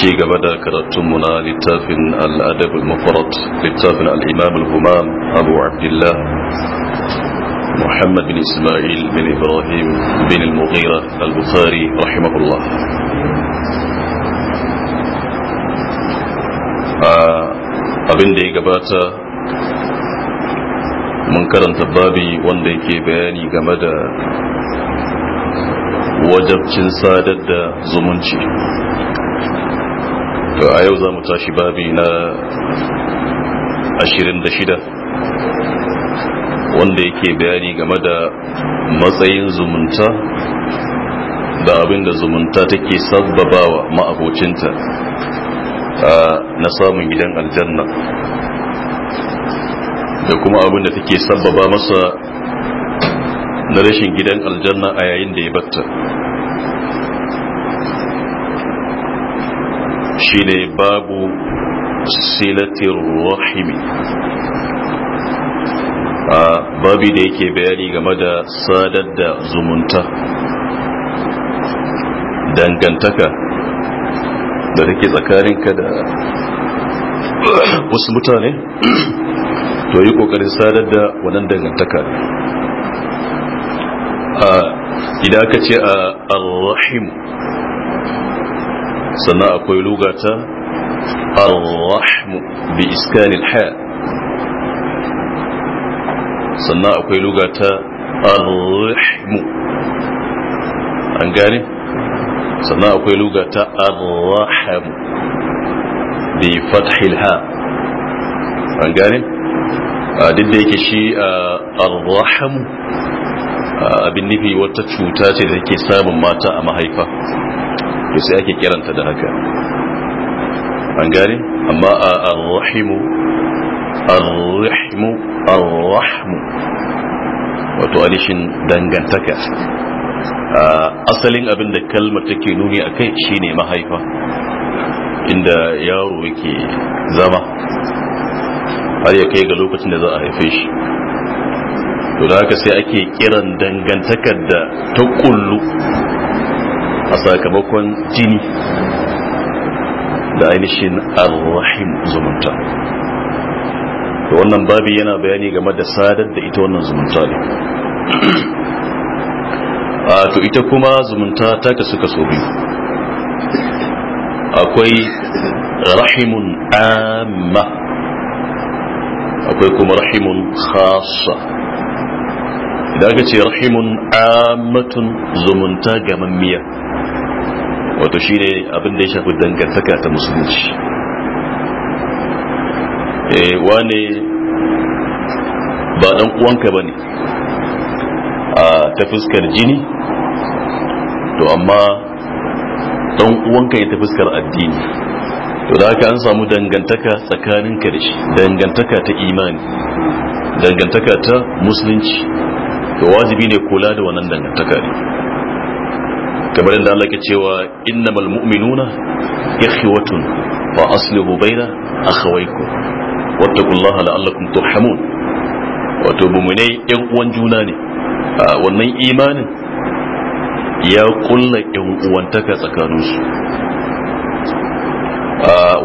ci gaba da karatunmu na littafin al'adab al-mufarat littafin al'imam al-humam abu abdullah muhammad bin ismail bin ibrahim bin al-mughira al-bukhari rahimahullah abin da ya gabata mun karanta babi wanda yake bayani game da wajabcin sadar da zumunci to a yau za mu tashi babi na 26 wanda yake bayani game da matsayin zumunta da abin da zumunta take sabbabawa ma'abocinta na samun gidan aljanna da kuma abin da take sabbaba masa na rashin gidan aljanna a yayin da ya batta shine babu silatir rahimi a babi da yake bayani game da sadar da zumunta dangantaka da take tsakaninka da wasu mutane to yi kokarin sadar da wannan dangantaka idan ka ce a arrahim sannan akwai lugata arrahmu bi iskanil ha sannan akwai lugata arrahmu an gane sannan akwai lugata arrahmu bi fathil ha an gane A da yake shi a arrahmu abin nufi wata cuta ce da take samun mata a mahaifa to sai ake kiranta da haka an gane amma a arrahimu arrahimu rahmu. wato alishin dangantaka asalin abin da kalmar take nuni a kai shine mahaifa inda yaro yake zama har ya kai ga lokacin da za a haife shi to da haka sai ake kiran dangantakar da ta kullu a sakamakon jini da ainihin arrahim zumunta da wannan babi yana bayani game da sadar da ita wannan zumunta ne a to ita kuma zumunta ta suka kaso biyu akwai rahimun amma akwai kuma rahimun khasa da aka ce rahimun amatun zumunta gamammiya wato shine abin da ya shafi dangantaka ta musulunci eh wane ba dan uwanka bane a ta fuskar jini to amma dan uwanka ya ta fuskar addini to da haka an samu dangantaka tsakanin da shi dangantaka ta imani dangantaka ta musulunci to wajibi ne kula da wannan dangantaka ne kamar yadda Allah ke cewa innamal mu'minuna ikhwatun fa aslihu baina akhawaykum wattaqullaha la'allakum turhamun wato mu'minai yan uwan juna ne wannan imanin ya kulla yan uwantaka tsakanin su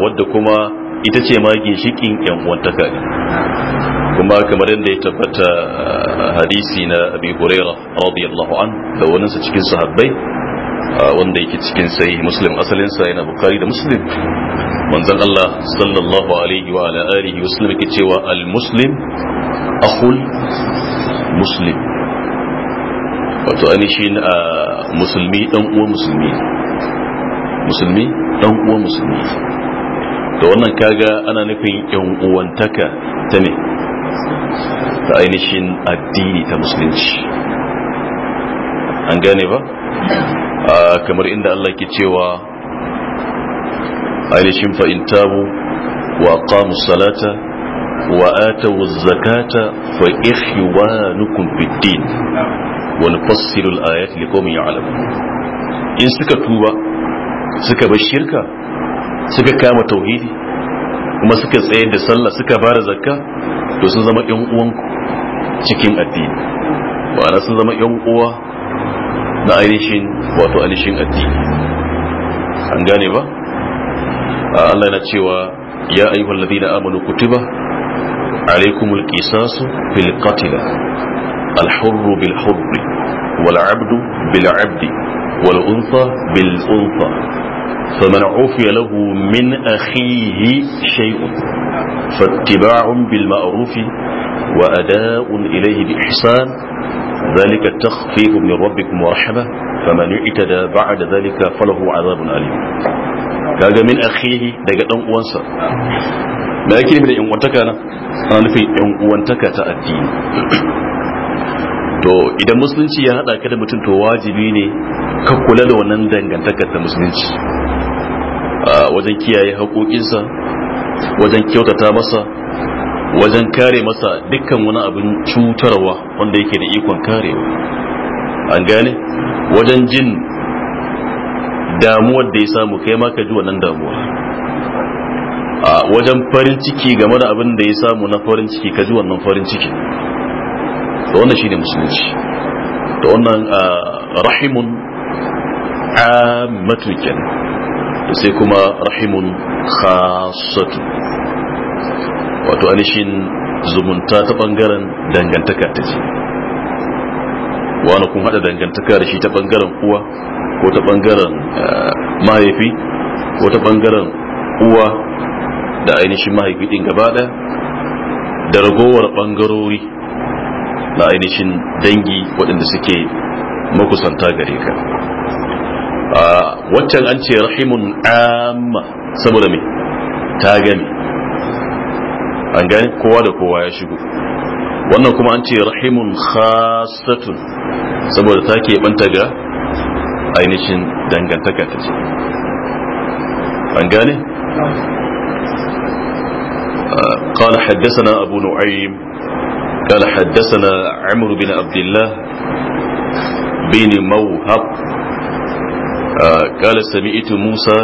wadda kuma ita ce ma ginshikin yan uwantaka ne kuma kamar yadda ya tabbata hadisi na abi hurairah radiyallahu an da waninsa cikin sahabbai wanda yake cikin sai muslim asalin sa yana bukari da muslim manzon Allah sallallahu alaihi wa ala alihi wa sallam yake cewa al muslim akhul muslim wato anishin musulmi dan uwa musulmi musulmi dan uwa musulmi to wannan kaga ana nufin yan uwantaka ta ne ta ainihin addini ta musulunci an gane ba kamar inda Allah ke cewa ainihin fa'in tabu wa qamu salata wa atawu zakata fa ikhwanukum fid din wani nufassilu al-ayati ya ya'lamun in suka tuba suka bar shirka suka kama tauhidi kuma suka tsayar da sallah suka fara zakka to sun zama 'yan uwanku cikin addini ma'ana sun zama 'yan uwa na ainihin wato ainihin addini an gane ba Allah yana cewa ya ayyuhal ladina amanu kutiba alaikumul qisasu fil qatl al hurr bil hurr wal abd bil abd wal unsa bil unsa فمن عفي له من أخيه شيء فاتباع بالمعروف وأداء إليه بإحسان ذلك التخفيف من ربكم ورحمة فمن اعتدى بعد ذلك فله عذاب أليم kaga min akhihi daga dan uwansa da yake nufi da yan uwantaka na ana nufin uwantaka ta addini to idan musulunci ya hada ka da mutum to wajibi ne ka kula da wannan dangantakar ta musulunci wajen kiyaye haƙoƙinsa wajen kyautata masa wajen kare masa dukkan wani abin cutarwa wanda yake da ikon karewa an gane wajen jin damuwar da ya samu kai ma ka ji wannan damuwa a wajen farin ciki game da abin da ya samu na farin ciki ka ji wannan farin ciki da wannan shine musulunci da wannan rahimun amatu kenan sai kuma rahimun khasatu wato anishin zumunta ta bangaren dangantaka ta ce wani kun hada dangantaka da shi ta bangaren uwa ko ta bangaren eh, mahaifi ko ta bangaren uwa da ainihin mahaifi din gaba da ragowar bangarori na ainihin dangi waɗanda suke makusanta gare ka ah, waccan an ce rahimun amma saboda mai ta gani an gane kowa da kowa ya shigo wannan kuma an ce rahimun khasatun saboda ta ke ga ainihin dangantaka ta ce an gane قال حدثنا أبو نعيم قال حدثنا عمرو بن عبد الله بن موهب قال سمعت موسى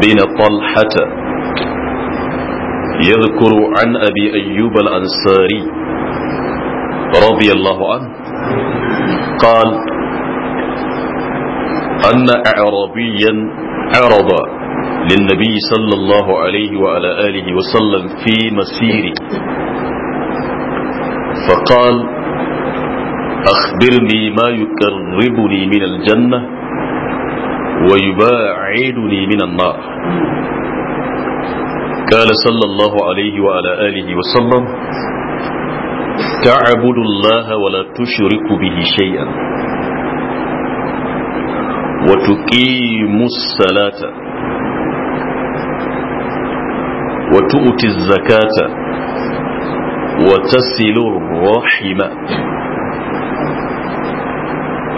بن طلحة يذكر عن أبي أيوب الأنصاري رضي الله عنه قال أن أعرابيا عرض للنبي صلى الله عليه وعلى آله وسلم في مسيره فقال أخبرني ما يقربني من الجنة ويباعدني من النار قال صلى الله عليه وعلى آله وسلم تعبد الله ولا تشرك به شيئا وتقيم الصلاة وتؤتي الزكاة وتصل الرحم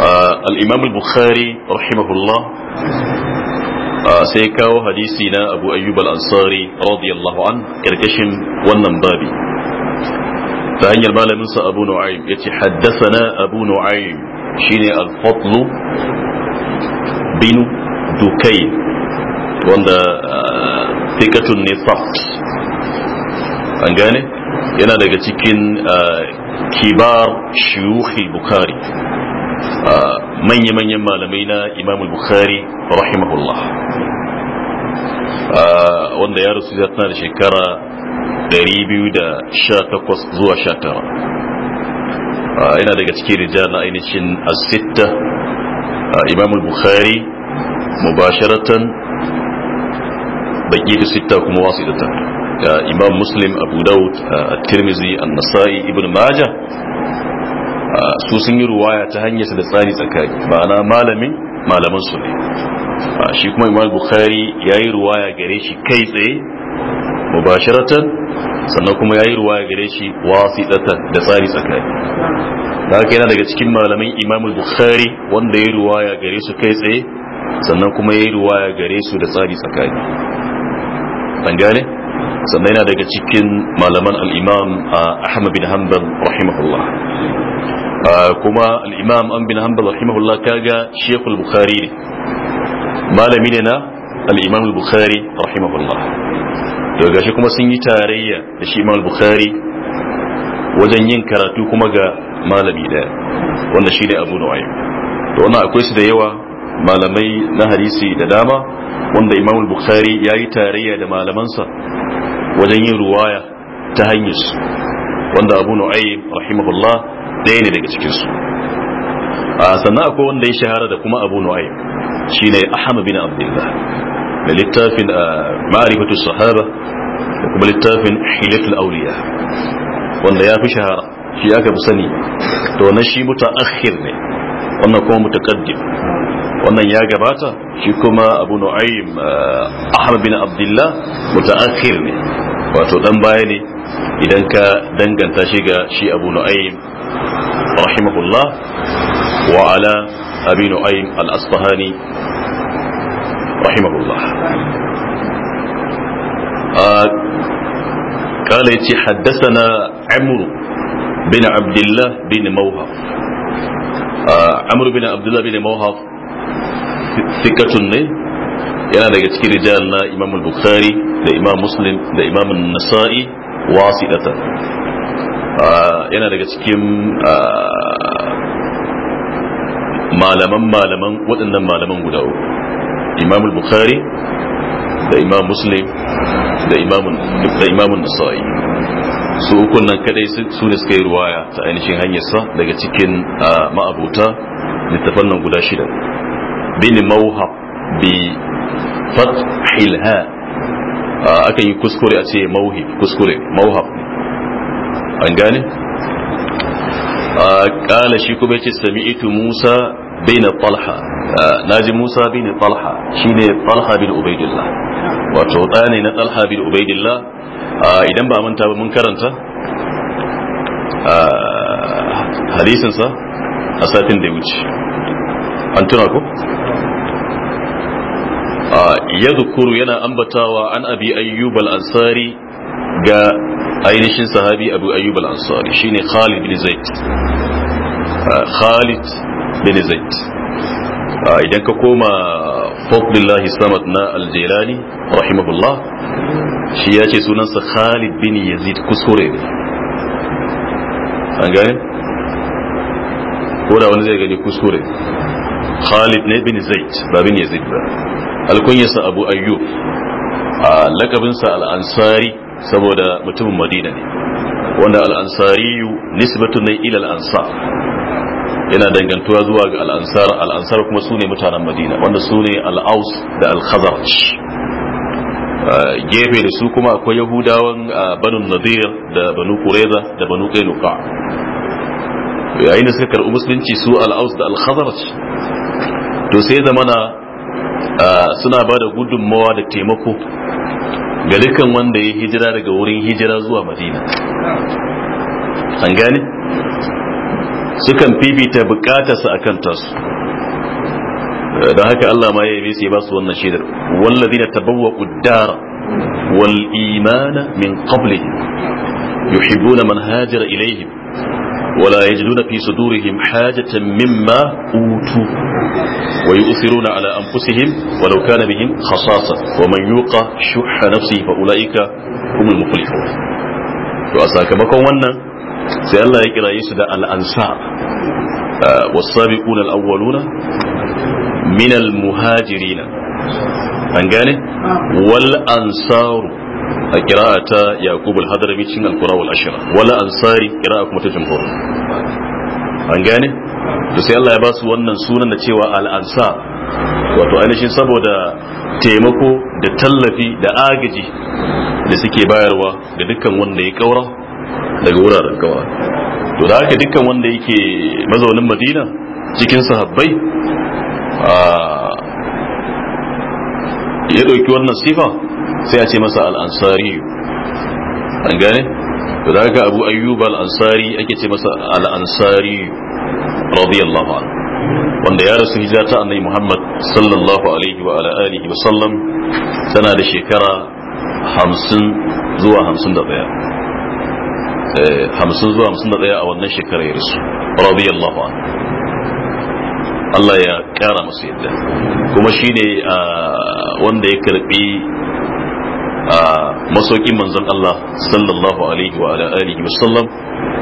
آه الإمام البخاري رحمه الله sai kawo hadisi na abu ayyub al-ansari radiyallahu an karkashin wannan babi ta hanyar malamin sa abu nu'aym yace haddathana abu nu'aym shine al-fadl bin dukay wanda ah, thiqatun nisaf an gane yana daga cikin ah, kibar shuyukhi bukhari manya-manyan malamai na imam bukhari rahimahullah wanda ya rasu ya tana da shekara 218 zuwa 19 yana daga cikin rijal na ainihin asitta imam bukhari mubasharatan baki da sita kuma wasu idatan imam muslim abu daud a tirmizi an-nasa'i ibn majah su sun yi ruwaya ta hanyarsa da tsari tsakani ma'ana malamin malaman su ne shi kuma imam bukhari ya yi ruwaya gare shi kai tsaye mubasharatan sannan kuma ya yi ruwaya gare shi wasiɗatan da tsari tsakani da haka yana daga cikin malamin imam bukhari wanda ya yi ruwaya gare su kai tsaye sannan kuma ya yi ruwaya gare su da tsari tsakani an sannan yana daga cikin malaman al'imam ahmad bin hanbal rahimahullah kuma al-imam an bin hanbal rahimahullah kaga shekul bukhari ne malami ne na al-imam al-bukhari rahimahullah to gashi kuma sun yi tarayya da shi imam al-bukhari wajen yin karatu kuma ga malami daya wanda shi ne abu nu'aym to wannan akwai su da yawa malamai na hadisi da dama wanda imam al-bukhari ya yi tarayya da malamansa wajen yin ruwaya ta hanyar wanda abu nu'aym rahimahullah ɗaya ne daga cikinsu sannan akwai wanda ya shahara da kuma abu nu'aym shine ahmad bin abdullah da littafin ma'rifatu sahaba da kuma littafin hilatul awliya wanda ya fi shahara shi aka fi sani to wannan shi mutaakhir ne wannan kuma mutaqaddim wannan ya gabata shi kuma abu nu'aym ahmad bin abdullah mutaakhir ne wato dan baya ne idan ka danganta shi ga shi abu nu'aym rahimahullah wa ala abi nu'aym al-asfahani rahimahullah قال يتي حدثنا عمرو بن عبد الله بن موهب عمرو بن عبد الله بن موهب ثقة yana daga cikin rijal na imam bukhari da imam muslim da imam nasa'i wasidatan yana daga cikin malaman malaman waɗannan malaman guda uku imam bukhari da imam muslim da imam nasa'i su ukun nan kadai su ne suka yi ruwaya ta ainihin hanyarsa daga cikin ma'abuta littafan nan guda shida bin mauhab bi fathilha akan yi kuskure a ce mauhib kuskure mauhab an gane kala shi kuma yace sami'tu Musa bin Talha naji Musa bin Talha shine Talha bin Ubaidillah wato tsane na Talha bin Ubaidillah idan ba manta ba mun karanta hadisin sa a satin da wuce an tuna ko yadhkuru yana ambatawa an abi ayyub al-ansari ga ainihin sahabi abu ayyub al-ansari shine khalid bin zaid ah, khalid bin zaid ah, idan ka koma fadlillah samad na al-jilani rahimahullah shi ya ce sunansa khalid bin yazid kusure ne an gane ko da wani zai gani kusure. khalid ne bin zaid ba bin yazid ba alkunyarsa abu ayyub ah, lakabinsa al-ansari saboda mutumin madina ne wanda al'ansariyu nisbatun ne ila al'ansar yana dangantuwa zuwa ga al'ansar al'ansar kuma su ne mutanen madina wanda su ne al'aus da al gefe da su kuma akwai yahudawan banu nadir da banu kureza da banu kainuka yayin da suka karɓi musulunci su al'aus da al to sai zamana suna ba da gudunmawa da taimako ga dukkan wanda ya hijira daga wurin hijira zuwa madina an gane sukan fifita bukatarsa a kan tasu da haka Allah ma ya yi sai ba su wannan shaidar wallazi na tabawa kuddara wal imana min qabli yuhibbuna man hajara ilaihim ولا يجدون في صدورهم حاجة مما أوتوا ويؤثرون على أنفسهم ولو كان بهم خصاصة ومن يوق شح نفسه فأولئك هم المخلفون وأساكمكم ونن سيالله يكرا يسد الأنصار آه، والسابقون الأولون من المهاجرين أنجاني نعم. والأنصار والأنصار a kira'a ta yaqub al-hadrami cin al-qura wal ashra wala ansari kira'a kuma ta jumhur an gane to sai Allah ya ba su wannan sunan da cewa al ansa wato ainihin saboda taimako da tallafi da agaji da suke bayarwa ga dukkan wanda ya kaura daga wuraren kawa to da haka dukkan wanda yake mazaunin madina cikin sahabbai ya ɗauki wannan sifa sai a ce masa al'ansari an gane to da ka abu ayyub al'ansari ake ce masa al'ansari radiyallahu anhu wanda ya rasu hijira ta annabi Muhammad sallallahu alaihi wa ala alihi wa sallam tana da shekara 50 zuwa 51 eh, hamsin zuwa hamsin da ɗaya a wannan shekara ya rasu radiyallahu anhu Allah ya kara masu yadda kuma shi ne ah, wanda ya karbi ah, masaukin manzon Allah sallallahu alaihi wa alihi wa sallam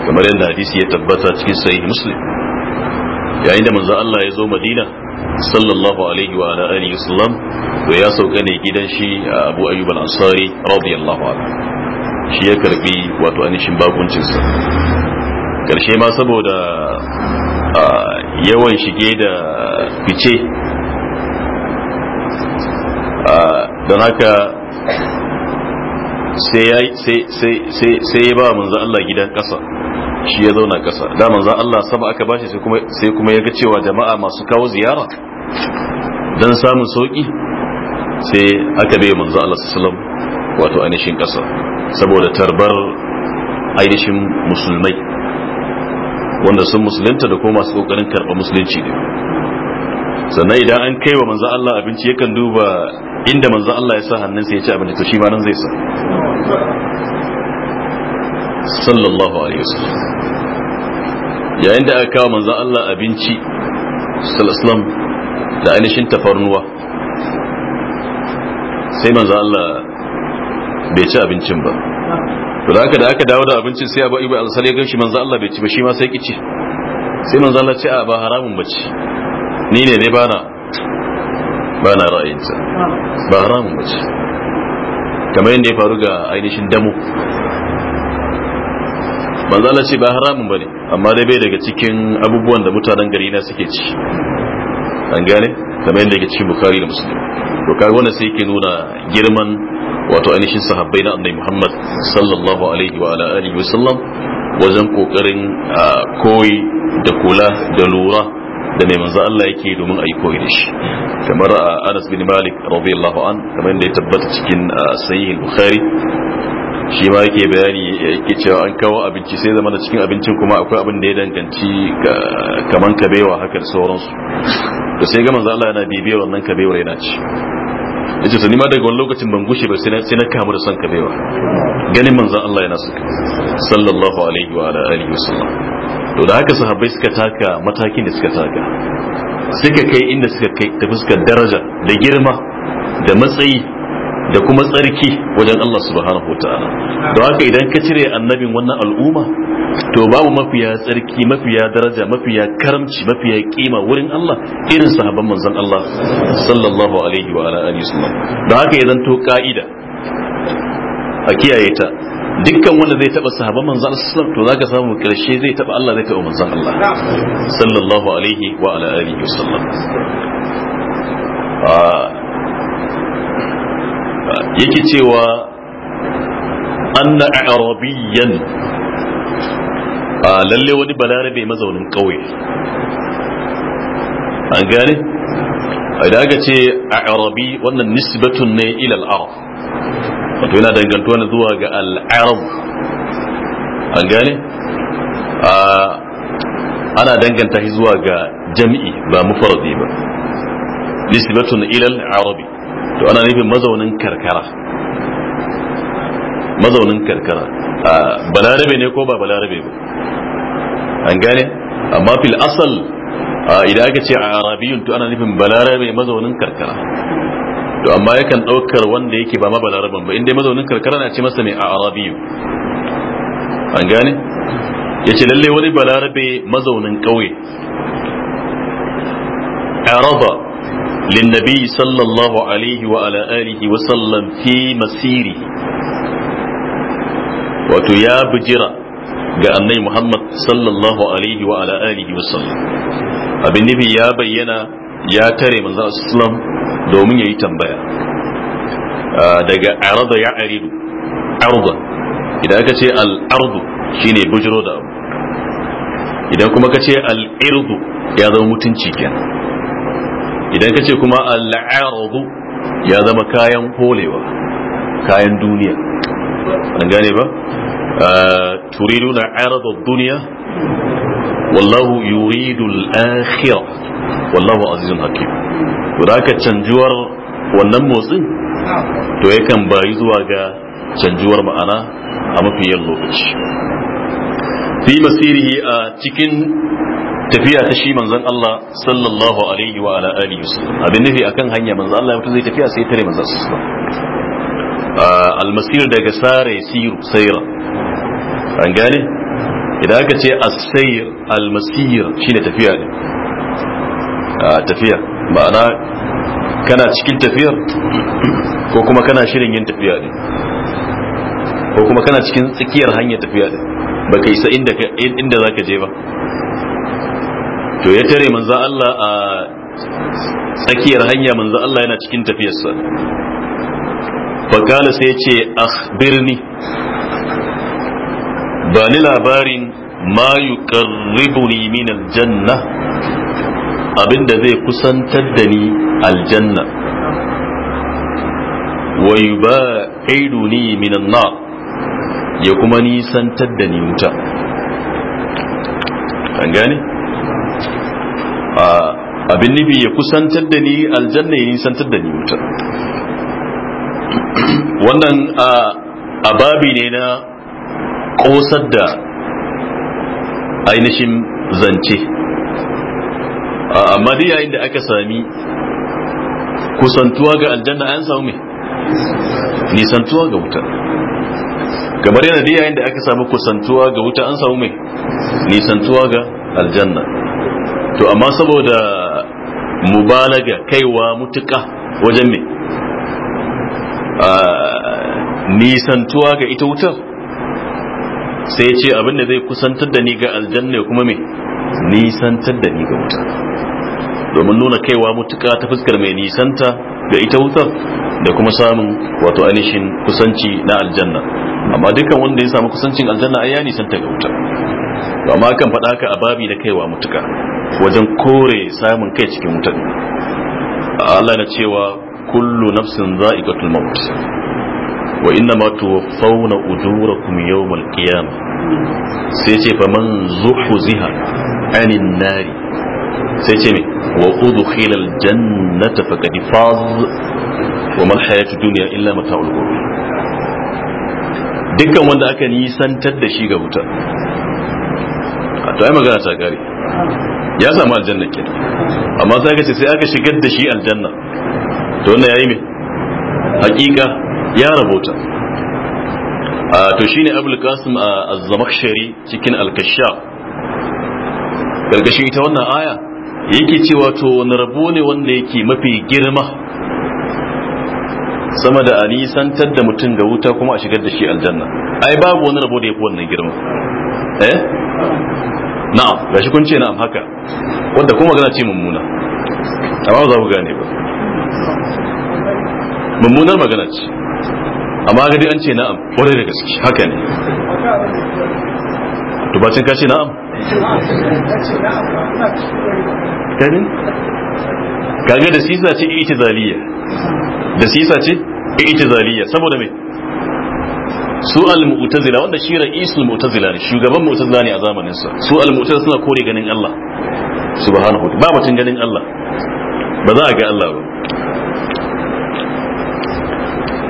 kamar yadda hadisi ya tabbata cikin sahih muslim yayin da manzon Allah ya zo Madina sallallahu alaihi wa alihi wa sallam to ya sauka ne gidan shi ah, Abu Ayyub al-Ansari radiyallahu anhu shi ya karbi wato anishin bakuncin sa karshe ma saboda yawan shige da fice don haka sai ya ba manzan Allah gidan ƙasa shi ya zauna kasa da manzan Allah sama aka bashi sai kuma ya ga cewa jama'a masu kawo ziyara don samun sauƙi sai aka bai manzan Allah sallam wato ainihin ƙasa saboda tarbar ainihin musulmai wanda sun musulunta da kuma masu kokarin karɓar musulunci ne sannan idan an kai wa manzo Allah abinci yakan duba inda manzo Allah ya sa sai ya ci abinci to shi ma nan zai sa sallallahu alaihi wasallam yayin da aka kawo manzo Allah abinci sallallahu da ainihin tafarnuwa sai manzo Allah bai ci abincin ba to da aka da aka dawo da abincin sai abu ibu al-sali ya ganshi manzo Allah bai ci ba shi ma sai kici sai manzo Allah ce a ba haramun bace ni ne ne bana bana sa ba haramun bace kamar yadda ya faru ga ainihin damu manzo Allah ce ba haramun bane amma dai bai daga cikin abubuwan da mutanen gari na suke ci an gane kamar yadda yake cikin bukhari da muslim to kaga wannan sai yake nuna girman wato ainihin sahabbai na annabi Muhammad sallallahu alaihi wa ala alihi wasallam wajen kokarin koyi da kula da lura da mai manzo Allah yake domin a yi koyi da shi kamar Anas bin Malik radiyallahu an kamar da ya tabbata cikin sahih Bukhari shi ma yake bayani yake cewa an kawo abinci sai zama da cikin abincin kuma akwai abin da ya danganci kaman kabewa haka da sauransu to sai ga manzo Allah yana bibiyar wannan kabewar yana ci yace to ni ma daga wani lokacin ban gushe ba sai na kamu da son baiwa ganin manzon Allah yana suka sallallahu alaihi wa alihi wasallam to da haka sahabbai suka taka matakin da suka taka suka kai inda suka kai ta fuskar daraja da girma da matsayi da kuma tsarki wajen Allah subhanahu wa ta'ala da haka idan ka cire annabin wannan al'umma to babu mafiya tsarki mafiya daraja mafiya karamci mafiya kima wurin Allah irin sahabban manzon Allah sallallahu alaihi wa ala alihi wasallam da haka idan to ka'ida a kiyaye ta dukkan wanda zai taba sahabban manzon Allah sallallahu to zaka samu karshe zai taba Allah zai taba manzon Allah sallallahu alaihi wa ala alihi wasallam ah, yake cewa anna arabiyyan ah, lalle wani balarabe mazaunin kauye an gane idan aka ce a arabi wannan nisbatun ne ilal arab wato yana dangantuwa na zuwa ga al'arab an gane ah, ana danganta shi zuwa ga jami'i ba mufaradi ba nisbatun ilal arabi to ana nufin mazaunin karkara mazaunin karkara balarabe ne ko ba balarabe ba an gane amma fil asal idan aka ce a arabiyun to ana nufin balarabe mazaunin karkara to amma yakan ɗaukar wanda yake ba ma balaraban ba inda mazaunin karkara na ce masa ne a arabiyu an gane ya ce lalle wani balarabe mazaunin ƙauye araba للنبي صلى الله عليه وعلى آله وسلم في مسيري وتيا بجرا ga anai Muhammad sallallahu alaihi wa ala alihi wasallam abin ya bayyana ya tare manzo sallam domin yayi tambaya daga arada ya aridu idan aka ce al shine bujiro abu idan kuma ka ce al ya zama mutunci kenan idan ka ce kuma al'aradu ya zama kayan kolewa kayan duniya an gane ba ah, turidu na arada duniya wallahu yuridu al wallahu azizun hakim to da canjuwar wannan motsin to yakan bayi zuwa ga canjuwar ma'ana a mafiyan lokaci fi masirihi a cikin tafiya ta shi manzon Allah sallallahu alaihi wa ala alihi wasallam abin nufi akan hanya manzon Allah mutum zai tafiya sai tare manzon sallallahu ah, almasir daga sare siru sayra an gane idan aka ce as-sayr al-masir shine tafiya ne ah, tafiya ma'ana kana cikin tafiyar ko kuma kana shirin yin tafiya ne ko kuma kana cikin tsakiyar hanyar tafiya ne baka isa inda inda zaka je ba to ya tare manzo Allah a tsakiyar hanya manzo Allah yana cikin tafiyarsa fakala sai ce akhbirni ba ni labarin ma yuqarribuni min aljanna abinda zai kusantar da ni aljanna wa yubaiduni min an ya kuma nisantar da ni wuta an gane abin nufi ya kusantar da ni aljanna ya nisantar da ni wuta wannan a babi ne na kosar da ainihin zance amma dai yayin da aka sami kusantuwa ga aljanna an samu mai nisantuwa ga wuta kamar yana dai yayin da aka samu kusantuwa ga wuta an samu mai nisantuwa ga aljanna to amma saboda mubalaga kaiwa mutuka wajen ne nisantuwa ga ita wutar sai ce abin da zai kusantar da ni ga aljanna kuma me nisantar da ni ga wuta domin nuna kaiwa mutuka ta fuskar mai nisanta ga ita wutar da kuma samun wato ainihin kusanci na aljanna amma dukkan wanda ya samu kusancin aljanna ai ya nisanta ga wuta amma kan faɗa ka a babi da kaiwa mutuka wajen kore samun kai cikin mutane. Allah na cewa kullu nafsin za'iqatul maut wa inna ma tuwaffawna ujurakum yawmal qiyam sai ce fa man zuhziha anin nari sai ce me wa udkhila al jannata faqad faz wa mal hayatud dunya illa mata'ul ghurur dukkan wanda aka nisantar da shi ga wuta to ai magana ta gare ya samu aljanna ke amma sai aka ce sai aka shigar da shi aljanna to wannan yayi me hakika ya rabota to shine abul qasim az-zamakhshari cikin al kashsha ita wannan aya yake cewa to wani rabo ne wanda yake mafi girma sama da Ani, nisantar da mutum da wuta kuma a shigar da shi aljanna ai babu wani rabo da ya wannan girma eh na'am gashi kun ce na'am haka wanda kuma magana ce mummuna amma ba za ku gane ba mummunar magana ce amma ga dai an ce na'am kwarai da gaske haka ne To ba ka ce na'am gani kaga da sisa ce ita zaliya da sisa ce ita zaliya saboda mai su al-mu'tazila wanda shi ra'isul mu'tazila ne shugaban mu'tazila ne a zamanin sa su al-mu'tazila suna kore ganin Allah subhanahu ba batun ganin Allah ba za a ga Allah ba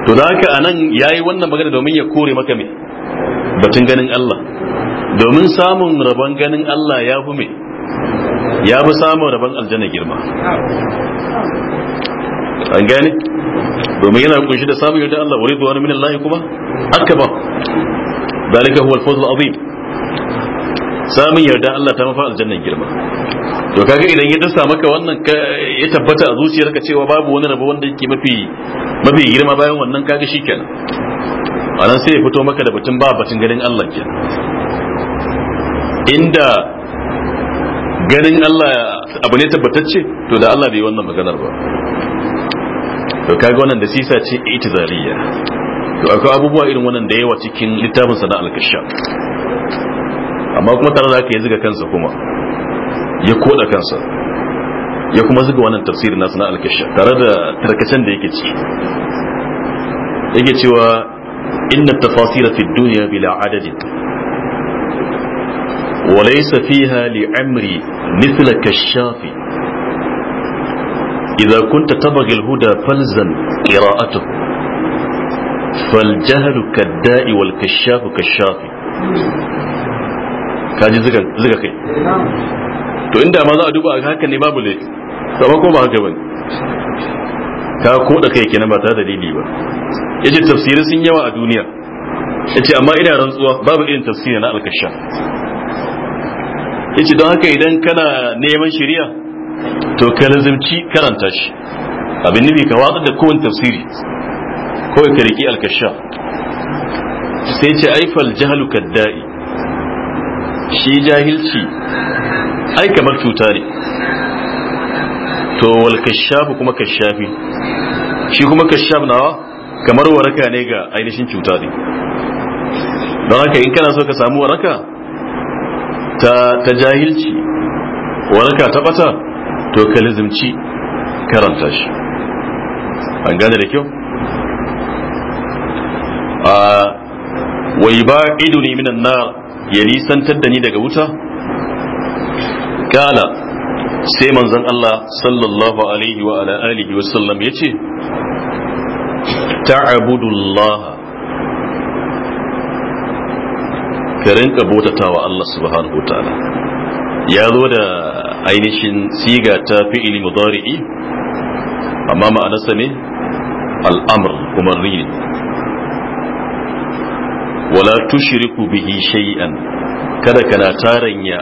to da haka anan yayi wannan magana domin ya kore maka me batun ganin Allah domin samun rabon ganin Allah ya fi me ya fi samun rabon aljanna girma an gane domin yana kunshi da samun yadda Allah wuri zuwa min Allah kuma akaba dalika huwa al-fawz al-azim samun yarda Allah ta mafa aljannan girma to kaga idan ya dasa maka wannan ya tabbata a zuciyarka cewa babu wani rabo wanda yake mafi mafi girma bayan wannan kaga shikenan anan sai ya fito maka da batun ba batun ganin Allah ke inda ganin Allah abu ne tabbatacce to da Allah bai wannan maganar ba to kaga wannan da sisa ce itizariya to akwai abubuwa irin wannan da yawa cikin littafin sana al-kashaf amma kuma tare da haka ya ziga kansa kuma ya koda kansa ya kuma ziga wannan tafsirin na sana al tare da tarkacen da yake ci yake cewa inna tafasira fi dunya bila adadin وليس فيها لعمري مثل كشافي إذا كنت تبغي الهدى فلزم قراءته فالجهل كالداء والكشاف كالشافي kaji zuga kai to inda ma za a duba haka ne babu laifi sama ko ba haka bane ka koda kai kenan ba tare da dalili ba yace tafsiri sun yawa a duniya yace amma ina rantsuwa babu irin tafsiri na alkasha yace don haka idan kana neman shari'a to ka lazimci karanta shi abin nufi ka watsar da kowane tafsiri kawai ka riƙi alkasha sai ce aifal jahalu kadda'i shi jahilci ai kamar cuta ne to wal kashafu kuma kashafi shi kuma kashaf nawa kamar waraka ne ga ainihin cuta ne don haka in kana so ka samu waraka ta jahilci waraka ta bata to ka lazimci karanta shi an gane da kyau a wai ba ido ne minan na ya nisantar da ni daga wuta kala sai manzon Allah sallallahu alaihi wa ala alihi wa sallam ya ce ta'budullaha ka rinka bautatawa Allah subhanahu wa ta'ala ya zo da ainihin siga ta fi'ili mudari'i amma ma'anarsa ne al'amr umarni ne wala tushriku bihi shay'an kada kana taranya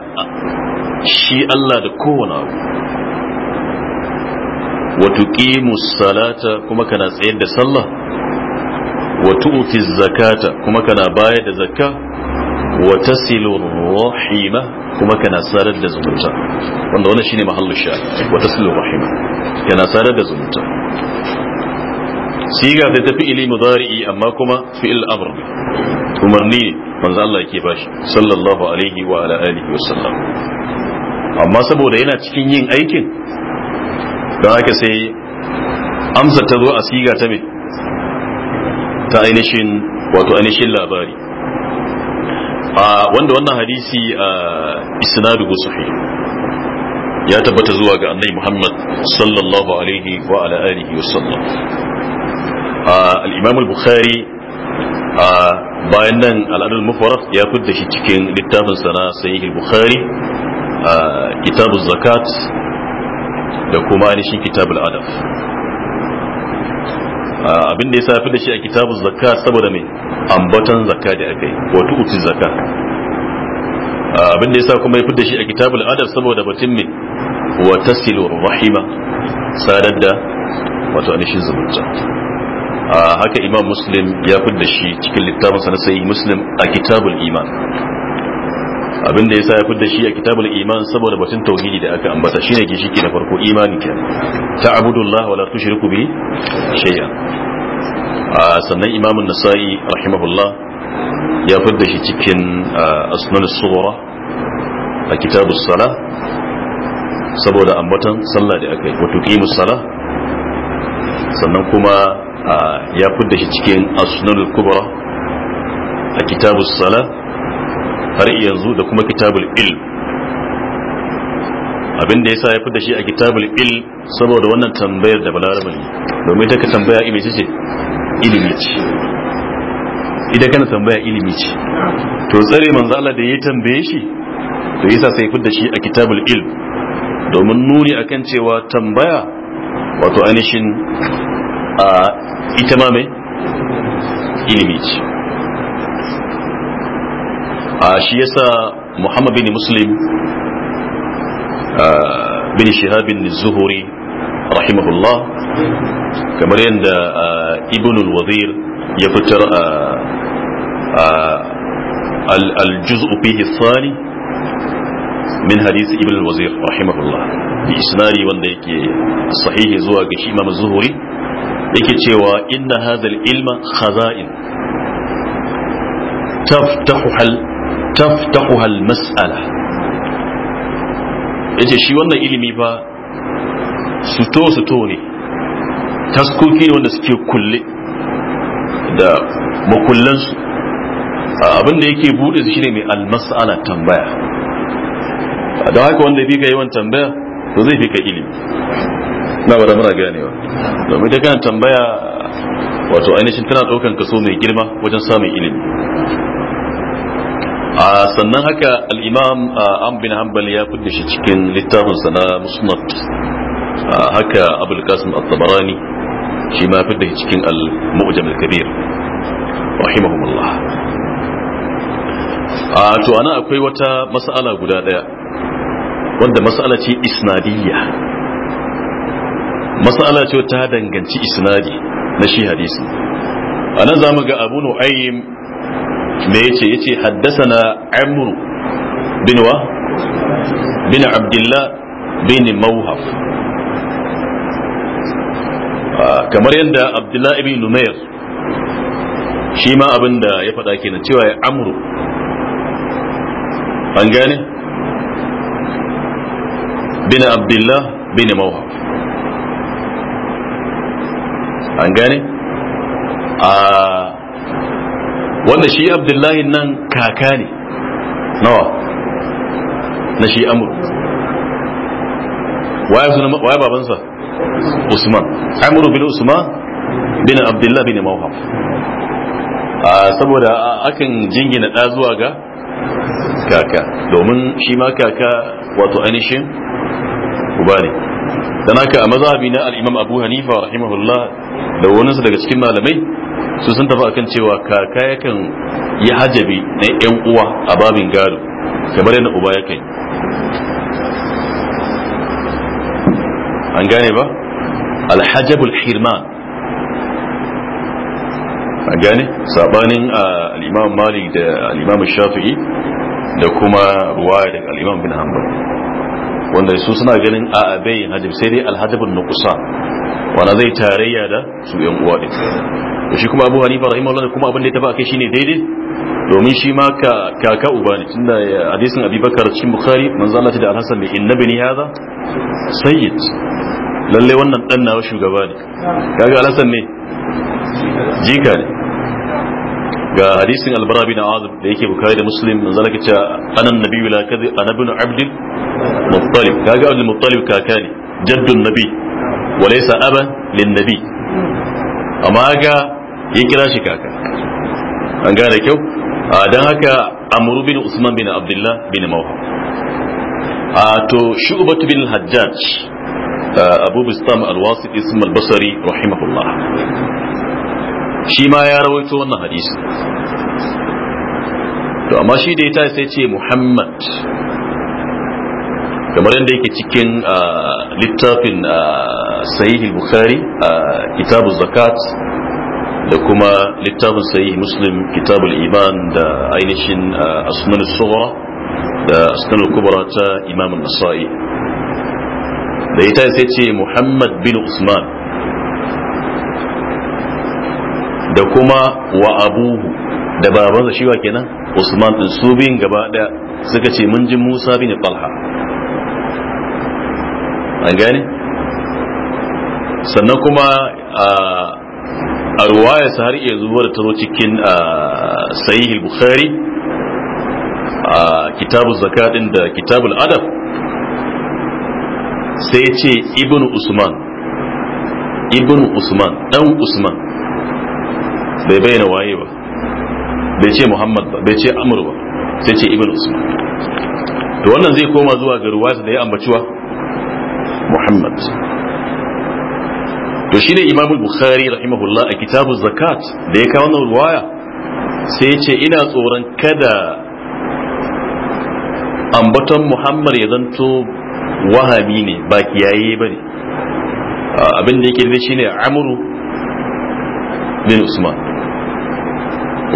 shi Allah da kowane abu wa tuqimu salata kuma kana tsayar da sallah watu tu'ti zakata kuma kana bayar da zakka wa tasilu rahima kuma kana sarar da zumunta wanda wannan shine mahallu sha wa tasilu rahima kana sarar da zumunta siga da tafi ili mudari'i amma kuma fi'il amr umarni manzo Allah ke bashi sallallahu alaihi wa ala alihi wa sallam amma saboda yana cikin yin aikin da haka sai amsa ta zo a siga ta me ta ainihin wato ainihin labari wanda wannan hadisi isnaduhu sahih ya tabbata zuwa ga annabi Muhammad sallallahu alaihi wa ala alihi wa sallam al-Imam al-Bukhari bayan nan al'adar adl Mufrad ya fidda shi cikin littafin sana na Sahih al-Bukhari kitab zakat da kuma ainihin kitabul al-adab Ah, abin da ya safi da shi a kitabu zakka saboda mai ambaton zakka da aka yi wato uti zakka ah, abin da ya sa kuma ya fi da shi a kitabu al'adar saboda batun mai wata silo rahima sadar da wato anishin zumunta ah, haka imam muslim ya fi da shi cikin littafinsa na sayi muslim a kitabun iman abin da yasa ya fitar da shi a kitabul iman saboda batun tauhidi da aka ambata shi ne shine ke na farko imanin kenan ta'budullah wa la tushriku bi shay'a sannan imamun nasa'i rahimahullah ya fitar shi cikin asnan as-sughra a kitabus sala saboda ambatan sallah da aka yi wato qimus sala sannan kuma ya fitar shi cikin asnan al-kubra a kitabus sala har yanzu da kuma kitabul ilm abin da yasa ya fi da shi a kitabul ilm saboda wannan tambayar da balarabin domin ta ka tambaya ilimi ce ilimi ce idan kana tambaya ilimi ce to tsare manzo Allah da ya tambaye shi to yasa sai fi da shi a kitabul ilm domin nuni akan cewa tambaya wato ainihin a ita ma mai ilimi ce a shi yasa muhammad bin muslim ah, bin shihabin zuhuri rahimahullah kamar yadda ah, ibn wazir ya fitar ah, al-juz'u fihi sani min hadisi ibn al-wazir rahimahullah bi isnari wanda yake sahihi zuwa ga shi imam zuhuri yake cewa inna hadha al-ilma khaza'in taftahu hal taftahuha mas'ala yace shi wannan ilimi fa suto suto ne taskoki ne wanda suke kulle da makullansu abinda yake bude su shine mai almas'ala tambaya Da haka wanda bi ka yawan tambaya to zai fi ka ilimi na ba da muna ganewa domin ta kan tambaya wato ainihin tana ɗaukan kaso mai girma wajen samun ilimi sannan haka al-imam an bin hanbal ya fudda shi cikin littafin sana musnad haka abul qasim at-tabarani shi ma fudda shi cikin al-mu'jam al-kabir rahimahumullah a to ana akwai wata mas'ala guda daya wanda mas'ala ce isnadiyya mas'ala ce ta danganci isnadi na shi hadisi za mu ga abu nu'aym me yace yace haddathana amr bin wa bin abdullah bin mawhaf ah, kamar yadda abdullah ibn numair shi ma abin da ya faɗa kenan cewa ya amru an gane bin abdullah bin mawhaf an gane a ah, wanda shi abdullahi nan kaka ne nawa na shi amur waye babansa usman amuru bin usman bin abdullahi bin mawhab saboda akan jingina ɗa zuwa ga kaka domin shi ma kaka wato ainihin uba ne dan haka a mazhabi na al-imam abu hanifa rahimahullah da wani daga cikin malamai su sun tafi akan cewa kaka yakan yi hajabi na yan uwa a babin gado kamar yadda uba yakan an gane ba alhajabul hirman an gane sabanin ah, al'imam malik da al'imam shafi'i da kuma ruwaya daga al'imam bin hanbal wanda su suna ganin a abayin hajjab sai dai alhajjabun nukusa wana zai tarayya da su yan uwa din to shi kuma Abu Hanifa allah kuma abin da ya taba kai shine daidai domin shi ma ka kaka uba ne tunda eh, hadisin Abi cikin Bukhari manzo Allah da alhasan bi inna bani hada? sayyid lalle wannan dan nawa shugaba ne kaga alhasan ne jika ne ga hadisin albara bin azib da yake bukari da muslim manzo Allah kace anan nabiyyu la kadhi ana ibn abd muttalib kaga abd muttalib kaka ne jaddun nabi walaysa aban linnabi amma ga ya kira shi kaka an gane kyau dan haka amru bin usman bin abdullah bin mawha a to shu'batu bin hajjaj abu bistam alwasit ism albasari rahimahullah shi ma ya rawaito wannan hadisi to amma shi da ita sai ce muhammad kamar yadda yake cikin littafin sahih bukhari a kitabu zakat da kuma littafin sahihi muslim kitabul iman da ainihin asman sughra da asnan kubra ta imam an-nasa'i da ita sai ce muhammad bin usman da kuma wa abuhu da babansa shi wa kenan usman din su biyun gaba daya suka ce mun ji musa bin talha an gane sannan kuma a ruwaya sa har iya zuwa da taro cikin sahih bukhari a kitabun zakatin da kitabul adab sai ce ibn usman ibn usman dan usman bai bayyana waye ba bai ce muhammad ba bai ce amur ba sai ce ibn usman to wannan zai koma zuwa ga ruwaya da ya ambaciwa muhammad to shine imam bukhari rahimahullah a kitabu zakat da ya kawo wannan ruwaya sai ya ce ina tsoron kada ambaton muhammad ya zanto wahabi ne ba kiyaye ba ne abin da yake da ne amuru bin usman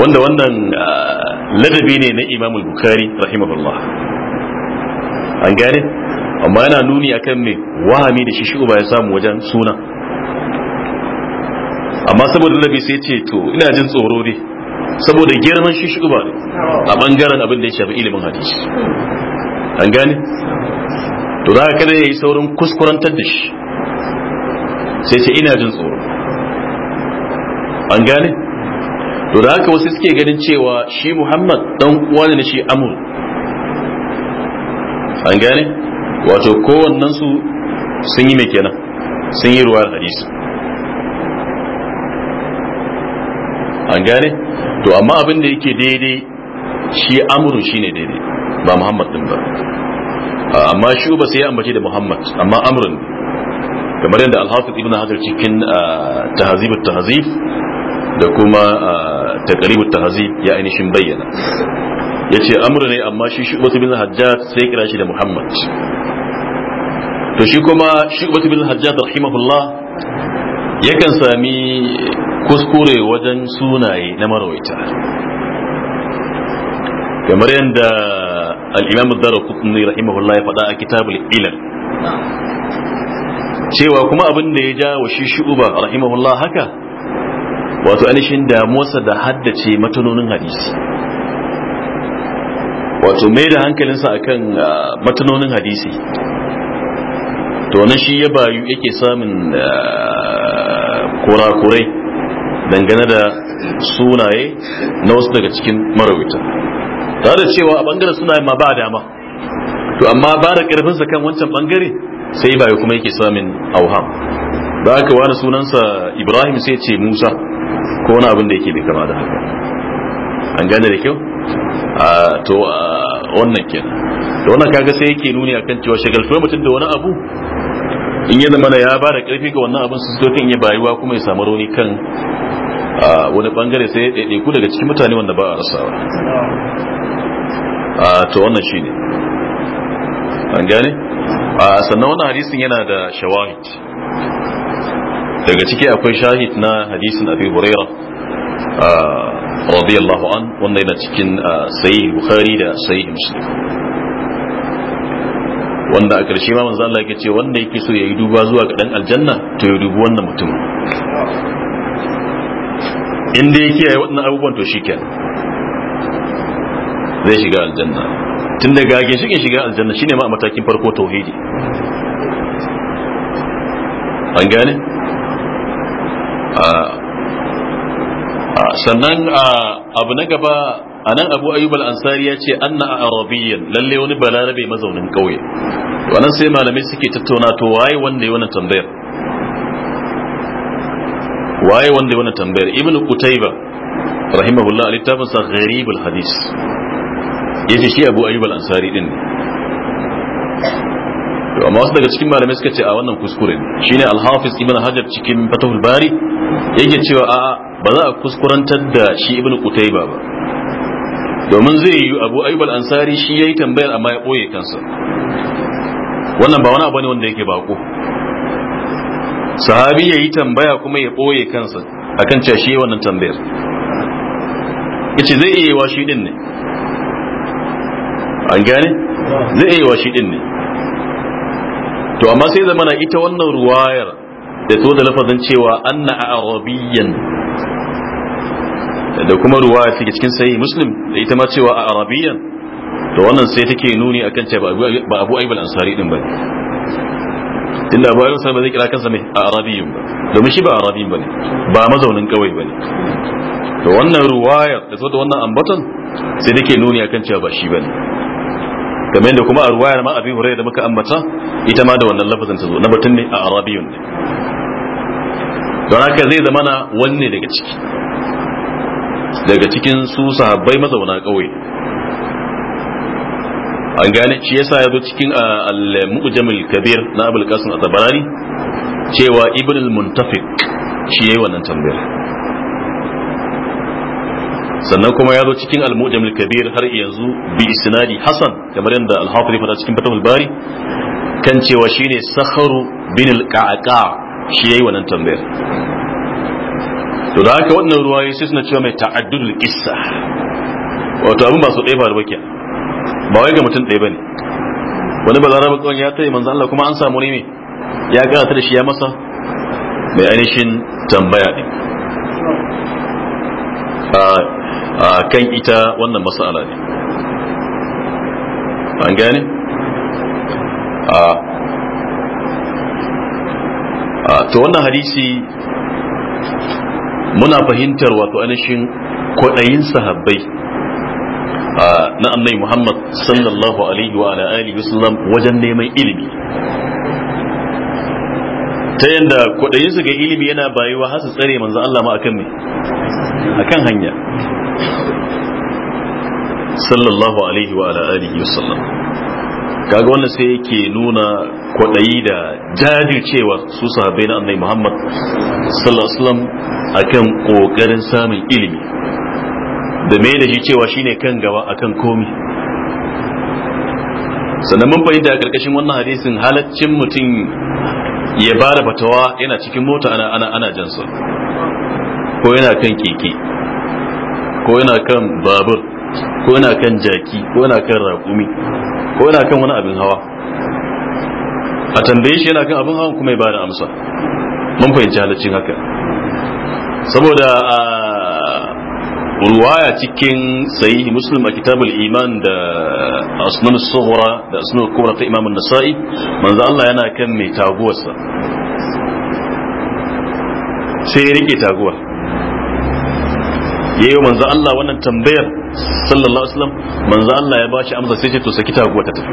wanda wannan ladabi ne na imam bukhari rahimahullah an gane amma yana nuni akan me wahami da shi shi ya samu wajen suna amma saboda nabi sai ce to ina jin tsoro ne saboda girman shi shi ba a bangaren abin da ya shafi ilimin hadisi an gane to za ka kada ya yi saurin kuskurantar da shi sai ce ina jin tsoro an gane to da haka wasu suke ganin cewa shi muhammad dan uwa ne shi amur an gane wato kowannen su sun yi mai kenan sun yi ruwa hadisi an gane to amma abin da yake daidai shi amru shine daidai ba muhammad din ba amma shi ba sai ya ambace da muhammad amma amrun kamar yadda alhafiz ibn hajar cikin tahzib tahzib da kuma taqrib tahzib ya ainihin bayyana yace amru ne amma shi shi ibn hajjaj sai kira shi da muhammad to shi kuma shi ibn hajjaj rahimahullah yakan sami kuskure wajen sunaye na marawaita kamar yadda al'imam dara kutuni rahimahullah ya faɗa a kitabul ilal cewa kuma abin da ya ja wa shi shu'uba rahimahullah haka wato ainihin damuwarsa da haddace matanonin hadisi wato mai da hankalinsa akan ah, matanonin hadisi to nan shi ya bayu yake samun eh, kurakurai dangane da sunaye na wasu daga cikin marawita Ta da cewa a bangaren sunaye ma ba dama to amma ba da karfinsa kan wancan bangare sai bayu kuma yake samun auham Ba haka wani sunansa ibrahim sai ce musa ko wani abin da yake bai kama da haka an gane da kyau to wannan kenan da wannan kaga sai yake nuni akan cewa shagaltuwar mutum da wani abu in ya zama ya ba da karfi ga wannan abin sosai ya bayuwa kuma ya samu rauni kan wani bangare sai ya ɗaiɗaiku daga cikin mutane wanda ba a rasawa to wannan shi ne an gane sannan wannan hadisin yana da shawahid daga ciki akwai shahid na hadisin abu huraira radiyallahu an wanda yana cikin sayi bukhari da sayi muslim wanda a ƙarshe ma manzo Allah yake ce wanda yake so yayi duba zuwa ga dan aljanna to ya dubi wannan mutum in dai yake yayi waɗannan abubuwan to shikenan zai shiga aljanna tun da gage shi shiga aljanna shine ma a matakin farko tauhidi an gane sannan abu na gaba anan abu ayyub al-ansari ya ce anna arabiyyan lalle wani balarabe mazaunin kauye wannan sai malamai suke tattauna to waye wanda ya wani tambayar waye wanda ya wani tambayar ibnu qutayba rahimahullah littafin sa gharib al-hadis yace shi abu ayyub al-ansari din to amma wasu daga cikin malamai suka ce a wannan kuskure shine al-hafiz ibn hajar cikin fatahul bari yake cewa a ba za a kuskurantar da shi ibn qutayba ba domin zai yi abu ayyub al-ansari shi yayi tambayar amma ya boye kansa wannan ba wani abu ne wanda yake bako sahabi yayi tambaya kuma ya boye kansa akan cewa shi wannan tambayar yace zai iya yiwa shi din ne an gane zai iya yiwa shi din ne to amma sai zamana ita wannan ruwayar da to da lafazin cewa anna arabiyyan da kuma ruwaya take cikin sai muslim da ita ma cewa a arabiyan to wannan sai take nuni akan cewa ba abu aibul ansari din ba din labarin sa ba zai kira kansa mai a arabiyan ba domin shi ba arabiyan ba ne ba mazaunin kawai ba ne to wannan ruwayar da zo da wannan ambaton sai take nuni akan cewa ba shi ba ne kamar yadda kuma a ruwayar ma abin hurairah da muka ambata ita ma da wannan lafazin ta zo na batun ne a ne don haka zai zama na wanne daga ciki daga cikin su sahabbai mazauna ƙauye an gane shi yasa ya zo cikin al-mu'jamil kabir na abul qasim at-tabarani cewa ibn al-muntafiq shi yayi wannan tambayar sannan kuma ya zo cikin al-mu'jamil kabir har yanzu bi isnadi hasan kamar yadda al-hafiz ya cikin fatahul bari kan cewa shine sakharu bin al-qa'qa shi yayi wannan tambayar to da haka wannan yi sai suna cewa mai ta'addudul qissa wato abin ba su ɗaya faru bakiya ba wai ga mutum ɗaya bane wani ba zaraba bakon ya tsaye manzo Allah kuma an samu ne ya ta da shi ya masa mai ainihin tambaya din a kan ita wannan mas'ala ne an gane a to wannan hadisi muna fahimtar wato anishin kwaɗayin sahabbai na annai muhammad sallallahu alaihi wa alihi wasallam wajen neman ilimi ta yadda su ga ilimi yana bayuwa har su tsare manzo Allah ma akan ne? akan hanya sallallahu alaihi wa alihi wasallam kaga wannan sai yake nuna kwaɗayi da jajircewa su sahabbai na annai muhammad sallallahu alaihi wasallam akan kokarin samun ilimi da mai da shi cewa shine kan gaba akan komi sannan mun fahimta a karkashin wannan hadisin halaccin mutum ya ba da fatawa yana cikin mota ana ana ana jansa ko yana kan keke ko yana kan babur ko yana kan jaki ko yana kan raƙumi ko yana kan wani abin hawa a tambaye shi yana kan abin hawan kuma ya ba da amsa mun fahimci halaccin haka saboda ruwaya cikin sahihi muslim a kitabul iman da asnan sughra da asnan kubra ta imamun nasa'i manzo Allah yana kan mai taguwarsa sai ya rike taguwa yayin manzo Allah wannan tambayar sallallahu alaihi wasallam manzo Allah ya bashi amsa sai ce to saki taguwa ta tafi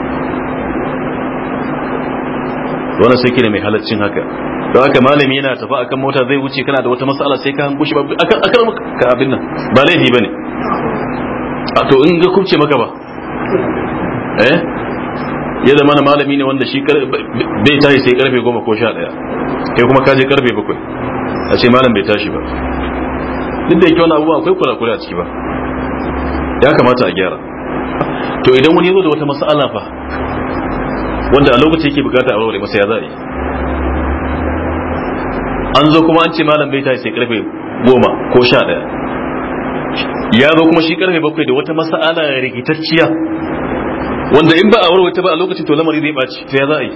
wannan sai kine mai halaccin haka da haka malami yana tafi akan mota zai wuce kana da wata matsala sai ka hango shi akan akan ka abin nan ba laifi bane a to in ga kubce maka ba eh ya zama malami ne wanda shi bai tashi sai karfe 10 ko sha ɗaya kai kuma ka je karfe bakwai a ce malam bai tashi ba duk da yake wani abubuwa akwai kula-kula a ciki ba ya kamata a gyara to idan wani ya zo da wata matsala fa wanda a lokacin yake bukata a warware masa ya za'a an zo kuma an ce malam bai tashi sai karfe goma ko sha ɗaya ya zo kuma shi karfe bakwai da wata masa'ala rikitacciya wanda in ba a warwata ba a lokacin to lamari zai ɓaci ta ya za a yi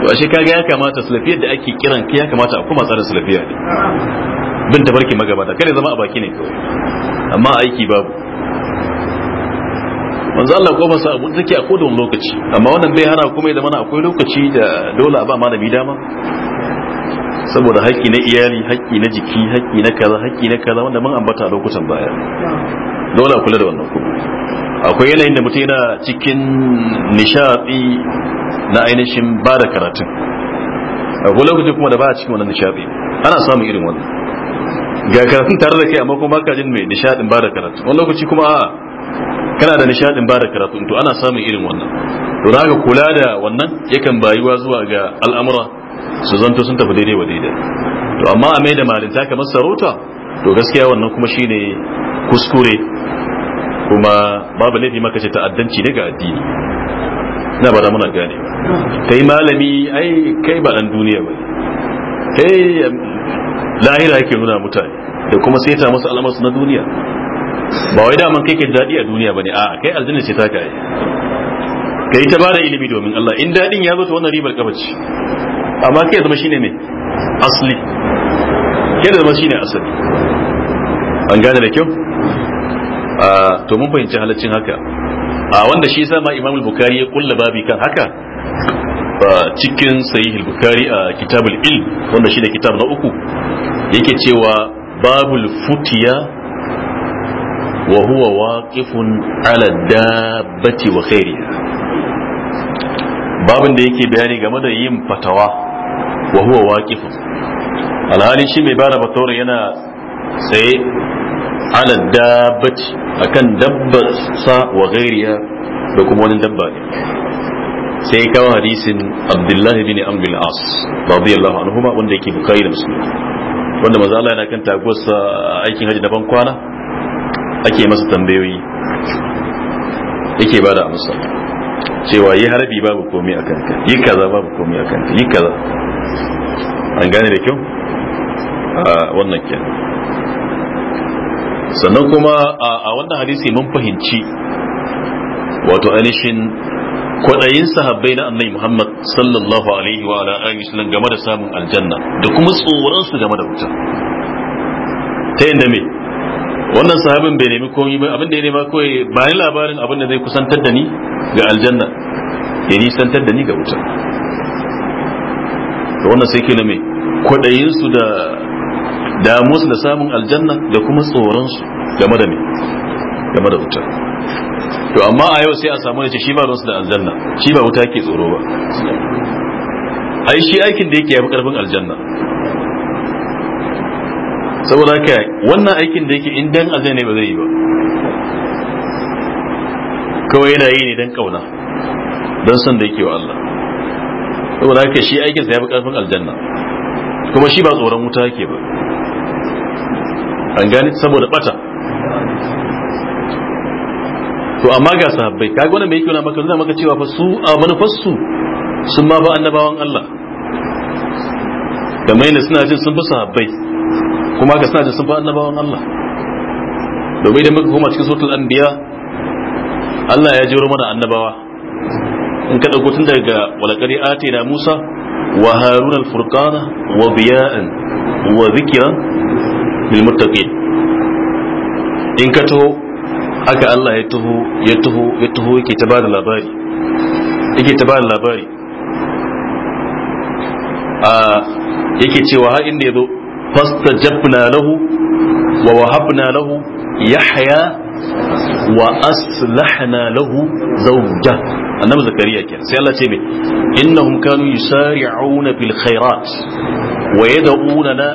to ashe kaga ya kamata salafiyar da ake kiran ka ya kamata a kuma tsarin salafiya ne bin tabarki magabata kada zama a baki ne kawai amma aiki babu manzo Allah ko masa abu take a kodin lokaci amma wannan bai hana kuma da mana akwai lokaci da dole a ba malami dama saboda haƙƙi na iyali haƙƙi na jiki haƙƙi na kaza haƙƙi na kaza wanda mun ambata lokutan baya dole a kula da wannan kuma akwai yanayin da mutum yana cikin nishaɗi na ainihin ba da karatun akwai lokaci kuma da ba a cikin wannan nishaɗi ana samun irin wannan ga karatun tare da kai amma kuma ka jin mai nishaɗin ba da karatu wani lokaci kuma a kana da nishadin ba da karatu to ana samun irin wannan to zaka kula da wannan yakan bayuwa zuwa ga al'amura su zanto sun tafi daidai wa daidai to amma a mai da malinta kamar sarauta to gaskiya wannan kuma shine kuskure kuma babu laifi maka ce ta'addanci daga addini na ba da muna gane kai malami ai kai ba dan duniya ba kai lahira yake nuna mutane da kuma sai ta masu al'amarsu na duniya ba wai daman kai ke daɗi a duniya bane a kai aljanna ce ta kai kai ta bada ilimi domin Allah in daɗin ya zo ta wannan ribar kabaci amma kai zama shine ne asli kai zama shine asali an gane da kyau to mun fahimci halaccin haka a wanda shi sama ma Imam Bukhari ya kulla babi kan haka cikin sahih al-Bukhari a kitabul ilm wanda shi ne kitab na uku yake cewa babul futiya wa huwa waqifun ala dabbati wa khairiha babin da yake bayani game da yin fatawa wa huwa waqifun alhali shi mai bada fatawar yana tsaye ala dabbati akan dabbar sa wa kuma wani dabba sai kawo hadisin abdullahi bin amr bin as radiyallahu anhuma wanda yake bukari da muslim wanda maza yana kan taguwarsa aikin haji ban kwana ake masa tambayoyi yake ba da amsa cewa yi harbi babu komai a kanka yi kaza babu komai a kanka yi kaza an gane da kyau a wannan kyan sannan kuma a wannan hadisi mun fahimci wato ainihin kwaɗayin sahabbai na annai muhammad sallallahu alaihi wa ala alihi wasallam game da samun aljanna da kuma tsoron su game da wuta ta yadda me wannan sahabin bai nemi komai ba abin da ya nema kawai ba ni labarin abin da zai kusantar da ni ga aljanna ya nisantar da ni ga wuta da wannan sai ke na mai kwaɗayinsu da damuwarsu da samun aljanna da kuma tsoronsu game da me game da wuta to amma a yau sai a samu yace shi ba ruwansu da aljanna shi ba wuta ke tsoro ba ai shi aikin da yake a karfin aljanna saboda ka wannan aikin da yake in dan azai ne ba zai yi ba kawai yana yi ne dan kauna dan san da yake wa Allah saboda ka shi aikinsa ya fi karfin aljanna kuma shi ba tsoron wuta yake ba an gane saboda bata to amma ga sahabbai ka gwada me yake maka nuna maka cewa fa su a manufarsu sun ma ba annabawan Allah kamar yadda suna jin sun fi sahabbai kuma ga sanar da sun fi annabawan Allah domin idan muka koma cikin suratul anbiya Allah ya jero mana annabawa in ka dauko tun daga walakari ate da Musa wa Harun al-Furqana wa Biya'an wa Zikira, lil muttaqin in ka taho haka Allah ya taho ya taho ya taho yake ta bada labari yake ta bada labari a ah, yake cewa har inda ya zo fastajabna lahu wa wahabna lahu yahya wa aslahna lahu zawja annabi zakariya ke sai Allah ce me innahum kanu yusari'una fil khairat wa yad'una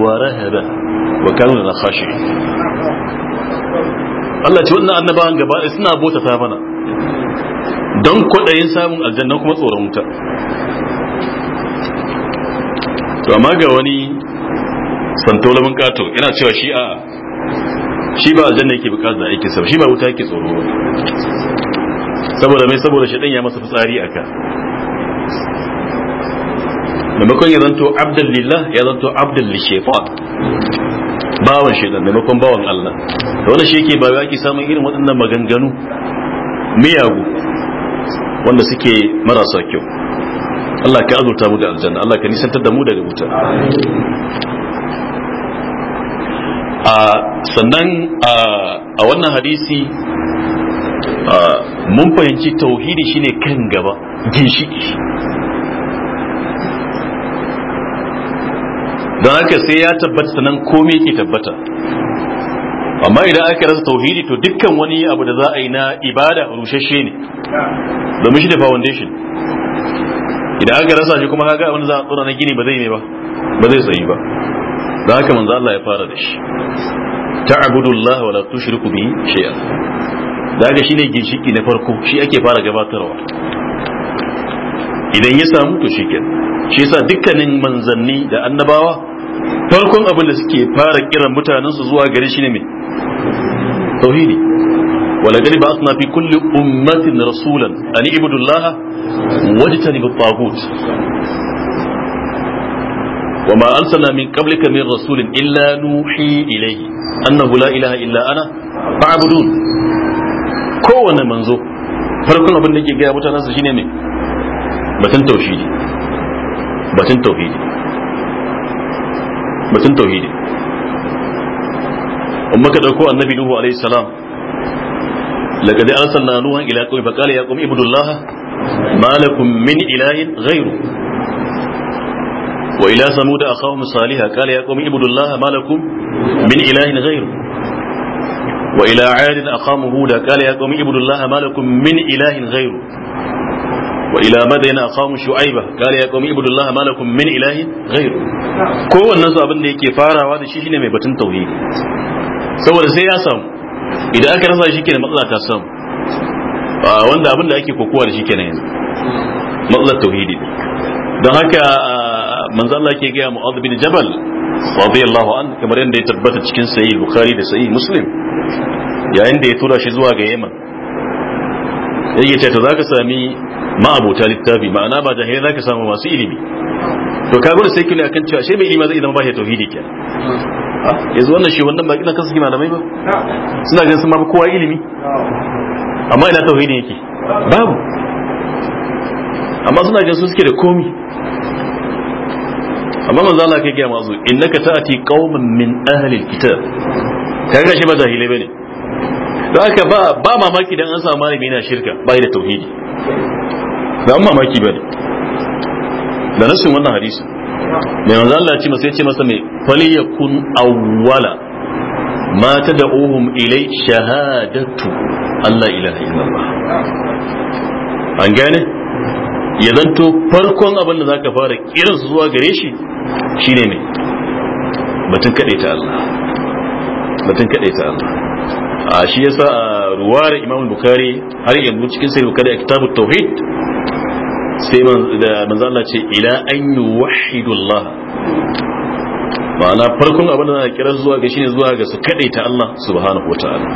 wa Allah ce wannan annabawan gaba suna bota ta mana don kwaɗayin samun aljanna kuma tsoron wuta to amma ga wani santolamin kato ina cewa shi a shi ba aljanna yake bukatar da aikinsa shi ba wuta yake tsoro ba saboda mai saboda shi ya masa fitsari aka maimakon ya zanto abdan lillah ya zanto abdan li shaytan bawan shaytan maimakon bawan Allah da wanda shi yake ba ake samun irin waɗannan maganganu miyagu wanda suke marasa kyau Allah ka azurta mu da aljanna Allah ka nisantar da mu daga wuta sannan a wannan hadisi mun fahimci tauhidi shine kan gaba ginshiki don haka sai ya tabbata sannan komai ke tabbata amma idan aka rasa tauhidi to dukkan wani abu da za a yi na ibada rushashe ne domin shi da foundation idan aka rasa shi kuma kaga wani za a tsora na gini ba zai ne ba ba zai tsayi ba da haka manzo Allah ya fara da shi ta'budullah wa la tushriku bi shay'a da haka shine ginshiki na farko shi ake fara gabatarwa idan ya samu to shi shi yasa dukkanin manzanni da annabawa farkon abin da suke fara kiran mutanen su zuwa gare shi ne me tauhidi wala gani ba asna fi kulli ummatin rasulan Ani ibudullaha wajtanibu tagut وما أرسلنا من قبلك من رسول إلا نوحي إليه أنه لا إله إلا أنا فاعبدون كون منزو farkon abin da ke gaya mutane su shine mai batun tauhidi batun tauhidi batun tauhidi amma ka dauko annabi nuhu alaihi salam laqad arsalna nuhan ila qaumi faqala ya qaumi ibudullah ma lakum min وإلى ثمود أخاهم صالحا قال يا قوم اعبدوا الله ما لكم من إله غيره وإلى عاد أخاهم هودا قال يا قوم اعبدوا الله ما لكم من إله غيره وإلى مدين أخاهم شعيبة قال يا قوم اعبدوا الله ما لكم من إله غيره كو الناس أبن يكي فارا وهذا شيء شيء بتن توحيد saboda sai ya samu idan aka rasa shi kenan matsala ta samu wanda abin da ake kokowa da shi kenan yanzu matsalar tauhidi don haka manzo Allah yake gaya Mu'adh bin Jabal radiyallahu an kamar yadda ya tabbata cikin sahih Bukhari da sahih Muslim yayin da ya tura shi zuwa ga Yaman yake ce to zaka sami ma'abuta littafi ma'ana ba jahilai zaka samu masu ilimi to ka gwada sai kuli akan cewa shi mai ilimi zai zama ba shi tauhidi kenan ah, yanzu wannan shi wannan ba kina kansu malamai ba suna ganin sun ma kowa ilimi amma ina tauhidi yake babu amma suna ganin su suke da komi amma manzo Allah kai ga mazu innaka ta'ati qauman min ahli alkitab kaga shi ba jahilai bane don haka ba ba mamaki dan an samu malami yana shirka bai da tauhidi ba mamaki bane da nasu wannan hadisi mai manzo Allah ce masa yace masa mai fali yakun awwala ma tad'uhum ilai shahadatu Allah ilaha illallah an gane ya zanto farkon abin da zaka fara kiran su zuwa gare shi shine ne batun kadai ta Allah batun kade ta Allah a shi yasa a ruwar Imam Bukhari har yanzu cikin sai Bukhari a kitabut tauhid sai da manzo Allah ce ila an yuwahidu Allah ma'ana farkon abin da zaka kiran zuwa ga shine zuwa ga su kadai ta Allah subhanahu wataala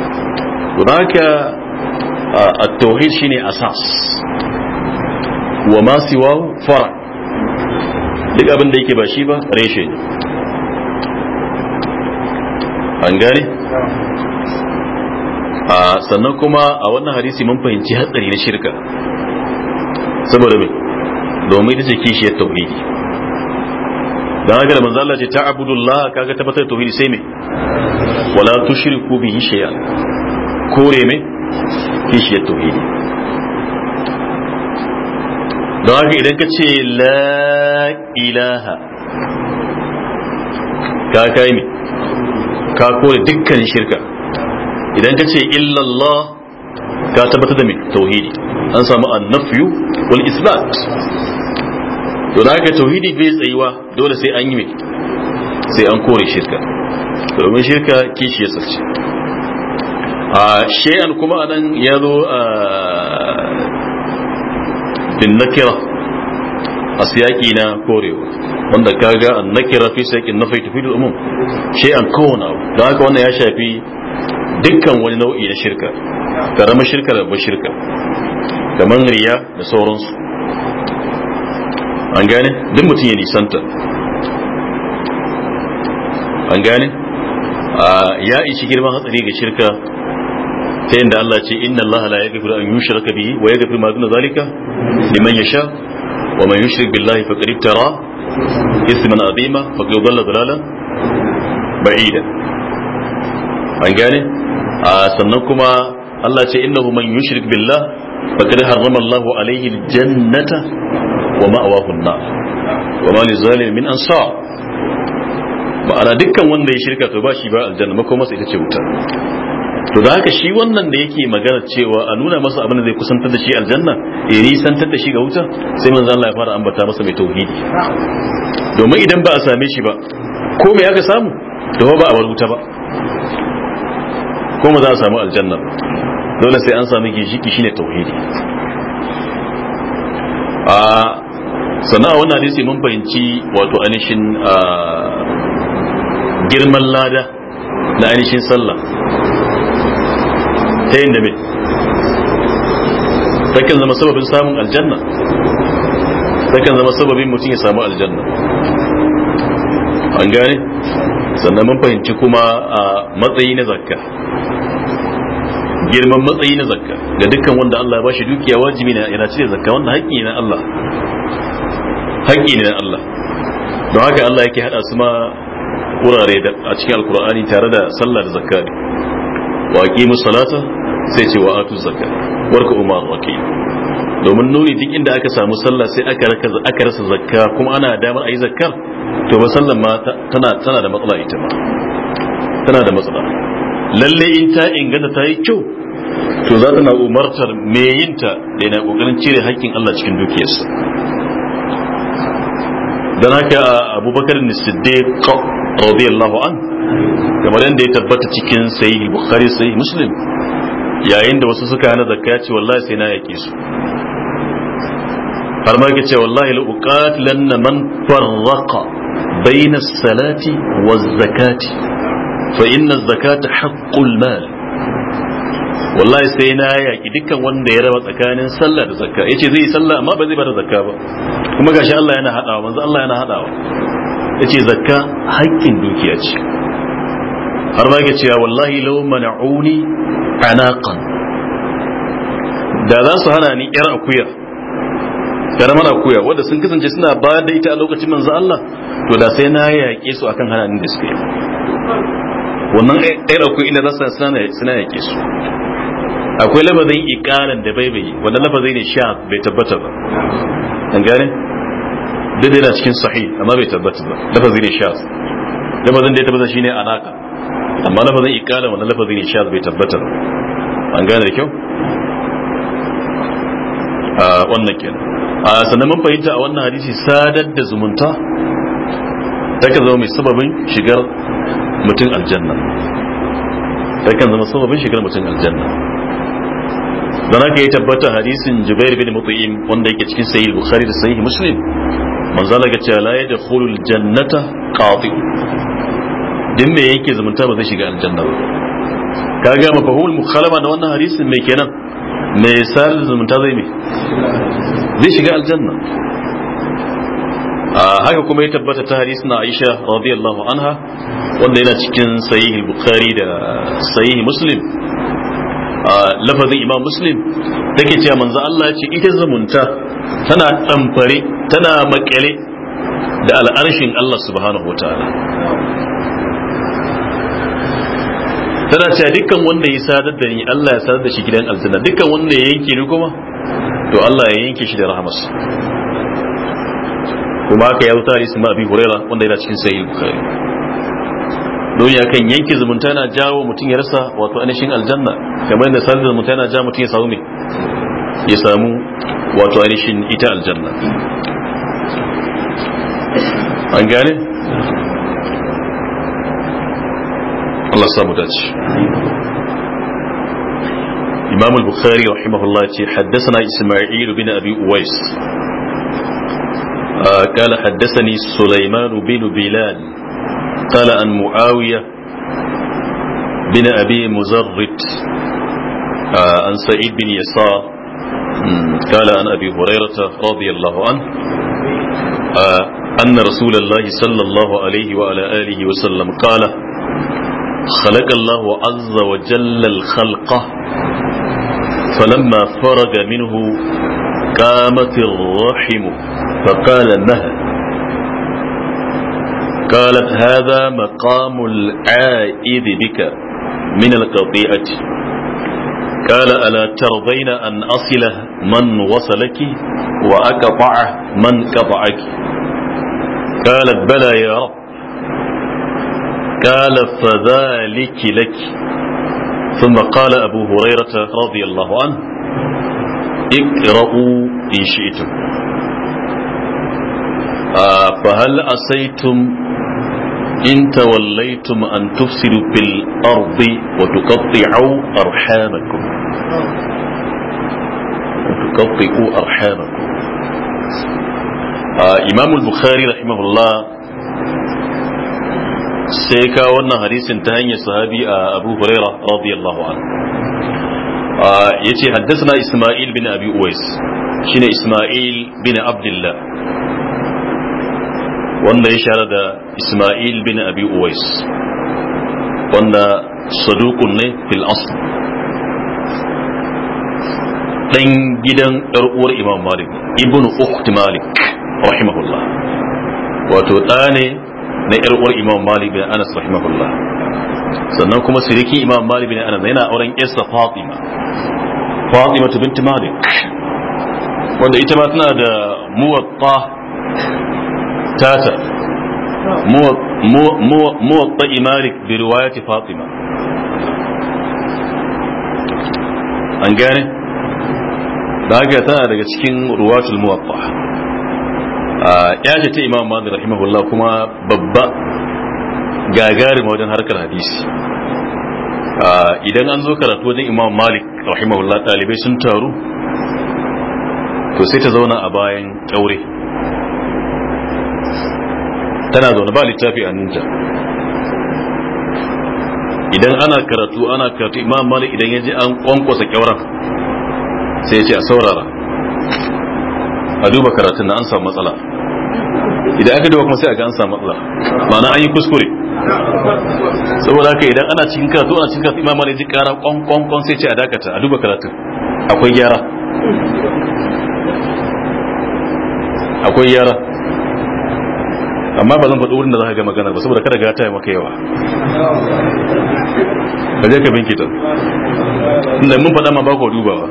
don at-tauhid shine asas wa ma siwahu fara duk abin da yake ba shi ba reshe ne an gane a sannan kuma a wannan hadisi mun fahimci hatsari na shirka saboda mai domin ita ce ya tauhidi dan haka da manzo Allah ce ta abudullah kaga tabbatar tauhidi sai me wala tushriku bihi shay'an kore me ya tauhidi don haka idan ka ce la ilaha ka kai ne ka kore dukkan shirka idan ka ce illallah ka tabbatar da mai tauhidi an samu an annafiyu wal isbat to da haka tauhidi bai tsayiwa dole sai an yi mai sai an kore shirka domin shirka kishi ya a shi'an kuma anan ya zo a bin nakira a siyaki na korewa wanda kaga an nakira fi siyakin na fai tafi da umum shi an kowane abu don haka wannan ya shafi dukkan wani nau'i na shirka karamar shirka da babbar shirka kamar riya da sauransu an gane duk mutum ya nisanta an gane ya ishi girman hatsari ga shirka ta da Allah ce inna Allah la yaghfiru an yushraka bihi wa ya ma duna zalika liman sha wa man yushrik billahi faqad iftara isman azima faqad dhalla dhalalan ba'ida an gane sannan kuma Allah ce innahu man yushrik billah faqad harrama Allah alayhi aljannata wa ma'wahu an-nar wa ma lizalimin min ansar ma'ana dukkan wanda ya shirka to ba shi ba aljanna makomarsa ita ce wuta to da haka shi wannan da yake magana cewa a nuna masa abin da zai kusantar da shi aljanna ya nisantar da shi ga wuta sai manzo Allah ya fara ambata masa mai tauhidi domin idan ba a same shi ba ko me aka samu to ba a bar wuta ba kuma za a samu aljanna dole sai an samu gishiki shine tauhidi a sana'a wannan hadisi mun fahimci wato anishin girman lada na ainihin sallah ta yin da me takan zama sababin samun aljanna takan zama sababin mutum ya samu aljanna an gane sannan mun fahimci kuma a matsayi na zakka girman matsayi na zakka ga dukkan wanda Allah ya bashi dukiya wajibi ne yana cire zakka wannan haƙƙi ne na Allah haƙƙi ne na Allah don haka Allah yake hada su ma wurare a cikin alkur'ani tare da sallah da zakka ne wa aqimu salata sai ce wa atu zakka warka umar raki domin nuni duk inda aka samu sallah sai aka aka rasa zakka kuma ana damar ayi zakkar to ba sallan ma tana tana da matsala ita ma tana da matsala lalle in ta inganta ta yi kyau to za ta na umartar me yinta da yana kokarin cire haƙƙin Allah cikin dukiyarsa dan haka abubakar ne siddiq radiyallahu an kamar yadda ya tabbata cikin sahih bukhari sahih muslim yayin da wasu suka hana zakka ya ce wallahi sai na yake su har ma yake ce wallahi la uqatilanna man farraqa bayna salati waz zakati fa inna zakata haqqul mal wallahi sai na yaki dukkan wanda ya raba tsakanin sallah da zakka yace zai yi sallah amma ba zai bada zakka ba kuma gashi Allah yana hadawa manzo Allah yana hadawa yace zakka haƙƙin dukiya ce har ba cewa wallahi law mana'uni anaqan da za su hana ni yar akuya karamar akuya wanda sun kasance suna ba da ita a lokacin manzo Allah to da sai na yaƙe su akan hana ni da suke wannan yar akuya inda za su suna yaƙe su akwai labazin iqalan da bai bai wannan labazin ne sha bai tabbata ba an gane duk da yana cikin sahih amma bai tabbata ba labazin ne sha labazin da ya tabbata shine alaka amma lafazin ikala wannan lafazin ne shaz bai tabbatar an gane da kyau a wannan kenan a sannan mun fahimta a wannan hadisi sadar da zumunta kan zama mai sababin shigar mutum aljanna kan zama sababin shigar mutum aljanna don haka ya tabbata hadisin jubair bin mutu'im wanda yake cikin sahih bukhari da sahih muslim manzala daga cewa la yadkhulul jannata qati din mai yake zumunta ba zai shiga aljanna ba Ka kaga mafahumul mukhalama da wannan hadisin mai kenan mai sal zumunta zai ne zai shiga aljanna haka kuma ya tabbata ta hadisi na Aisha radiyallahu anha wanda yana cikin al Bukhari da sahih Muslim lafazin Imam Muslim take cewa manzo Allah ya ce ita zumunta tana tamfare tana makale da al'arshin Allah subhanahu wataala tana cewa dukkan wanda ya sadar da ni Allah ya sadar da shi gidan aljanna dukkan wanda ya yanke ni kuma to Allah ya yanke shi da rahamas kuma aka ya wuta hadisin ma abi huraira wanda yana cikin sahih bukhari don ya kan yanke zumunta na jawo mutum ya rasa wato ainihin aljanna kamar yadda sadar da zumunta na jawo mutum ya samu me ya samu wato ainihin ita aljanna an gane Allah samu dace Imam al-Bukhari rahimahullah ce haddathana Isma'il bin Abi Uwais قال حدثني سليمان بن بلال قال عن معاوية بن أبي مزرد آه، عن سعيد بن يسار قال عن أبي هريرة رضي الله عنه آه، أن رسول الله صلى الله عليه وعلى آله وسلم قال خلق الله عز وجل الخلق فلما فرج منه قامت الرحم فقال نهى قالت هذا مقام العائد بك من القطيعة قال ألا ترضين أن أصل من وصلك وأقطع من قطعك قالت بلى يا رب قال فذلك لك ثم قال أبو هريرة رضي الله عنه اقرأوا إن شئتم آه، فهل أسيتم إن توليتم أن تفسدوا في الأرض وتقطعوا أرحامكم وتقطعوا أرحامكم آه إمام البخاري رحمه الله sai ka wannan hadisin ta hanyar sahabi a abu huraira radiyallahu anhu ya ce haddasa isma'il bin abi uwais shine isma'il bin abdullah wanda ya shahara da isma'il bin abi uwais wanda saduqun ne fil asl dan gidan ɗar uwar imam malik ibn ukht malik rahimahullah wato ɗa ne na yar uwar imam malik bin anas rahimahullah sannan kuma siriki imam malik bin anas yana auren isa fatima fatima bint malik wanda ita ma tana da muwatta tata muwatta malik bi riwayati fatima an gane da haka tana daga cikin ruwatul muwatta ya ce ta imam malik rahimahullah kuma babba ma wajen harkar hadisi idan an zo karatu wajen imam malik rahimahullah ɗalibai sun taru to sai ta zauna a bayan kyaure tana zaune ba littafi a ninta idan ana karatu ana karatu imam malik idan ya ji an kwankwasa kyauran sai ya ce a saurara a duba karatun da an samu matsala idan aka duba kuma sai aka an samu matsala ma'ana an yi kuskure saboda haka idan ana cikin karatu ana cikin karatu ne ji kara kwan kwan sai ce a dakata a duba karatun akwai gyara akwai gyara amma ba zan faɗi wurin da za ka ga magana ba saboda kada gata ya maka yawa ka je ka binkita inda mun faɗa ma ba ku dubawa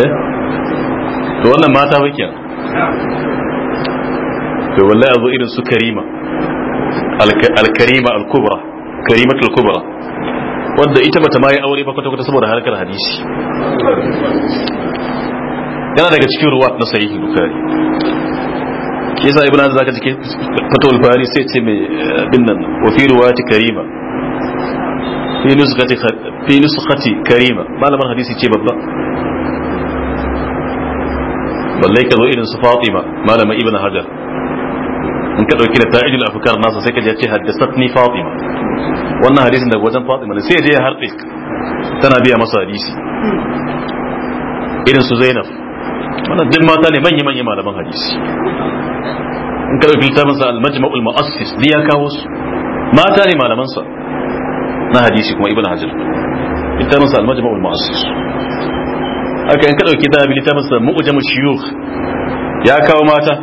eh to wannan mata ba kenan to wallahi a zo irin su karima al-karima al-kubra karimat al-kubra wanda ita bata ma yi aure ba kwata-kwata saboda harkar hadisi yana daga cikin ruwa na sahihi bukari ke sa ibn zaka cikin fatawul bari sai ce mai bin nan wa fi ruwati karima fi nusqati fi nusqati karima malaman hadisi ce babba balle ka zo irin su Fatima malama Ibn Hajar in ka dauki da ta'idul afkar nasa sai ka je ce haddathatni Fatima wannan hadisin daga wajen Fatima ne sai je ya harbe tana biya masa hadisi irin su Zainab wannan duk mata ne manyan manyan malaman hadisi in ka dauki littafin al-majma'ul mu'assis da ya kawo su mata ne malaman sa na hadisi kuma Ibn Hajar littafin sa al-majma'ul mu'assis haka in ka dauki da bilita masa mu shiyu ya kawo mata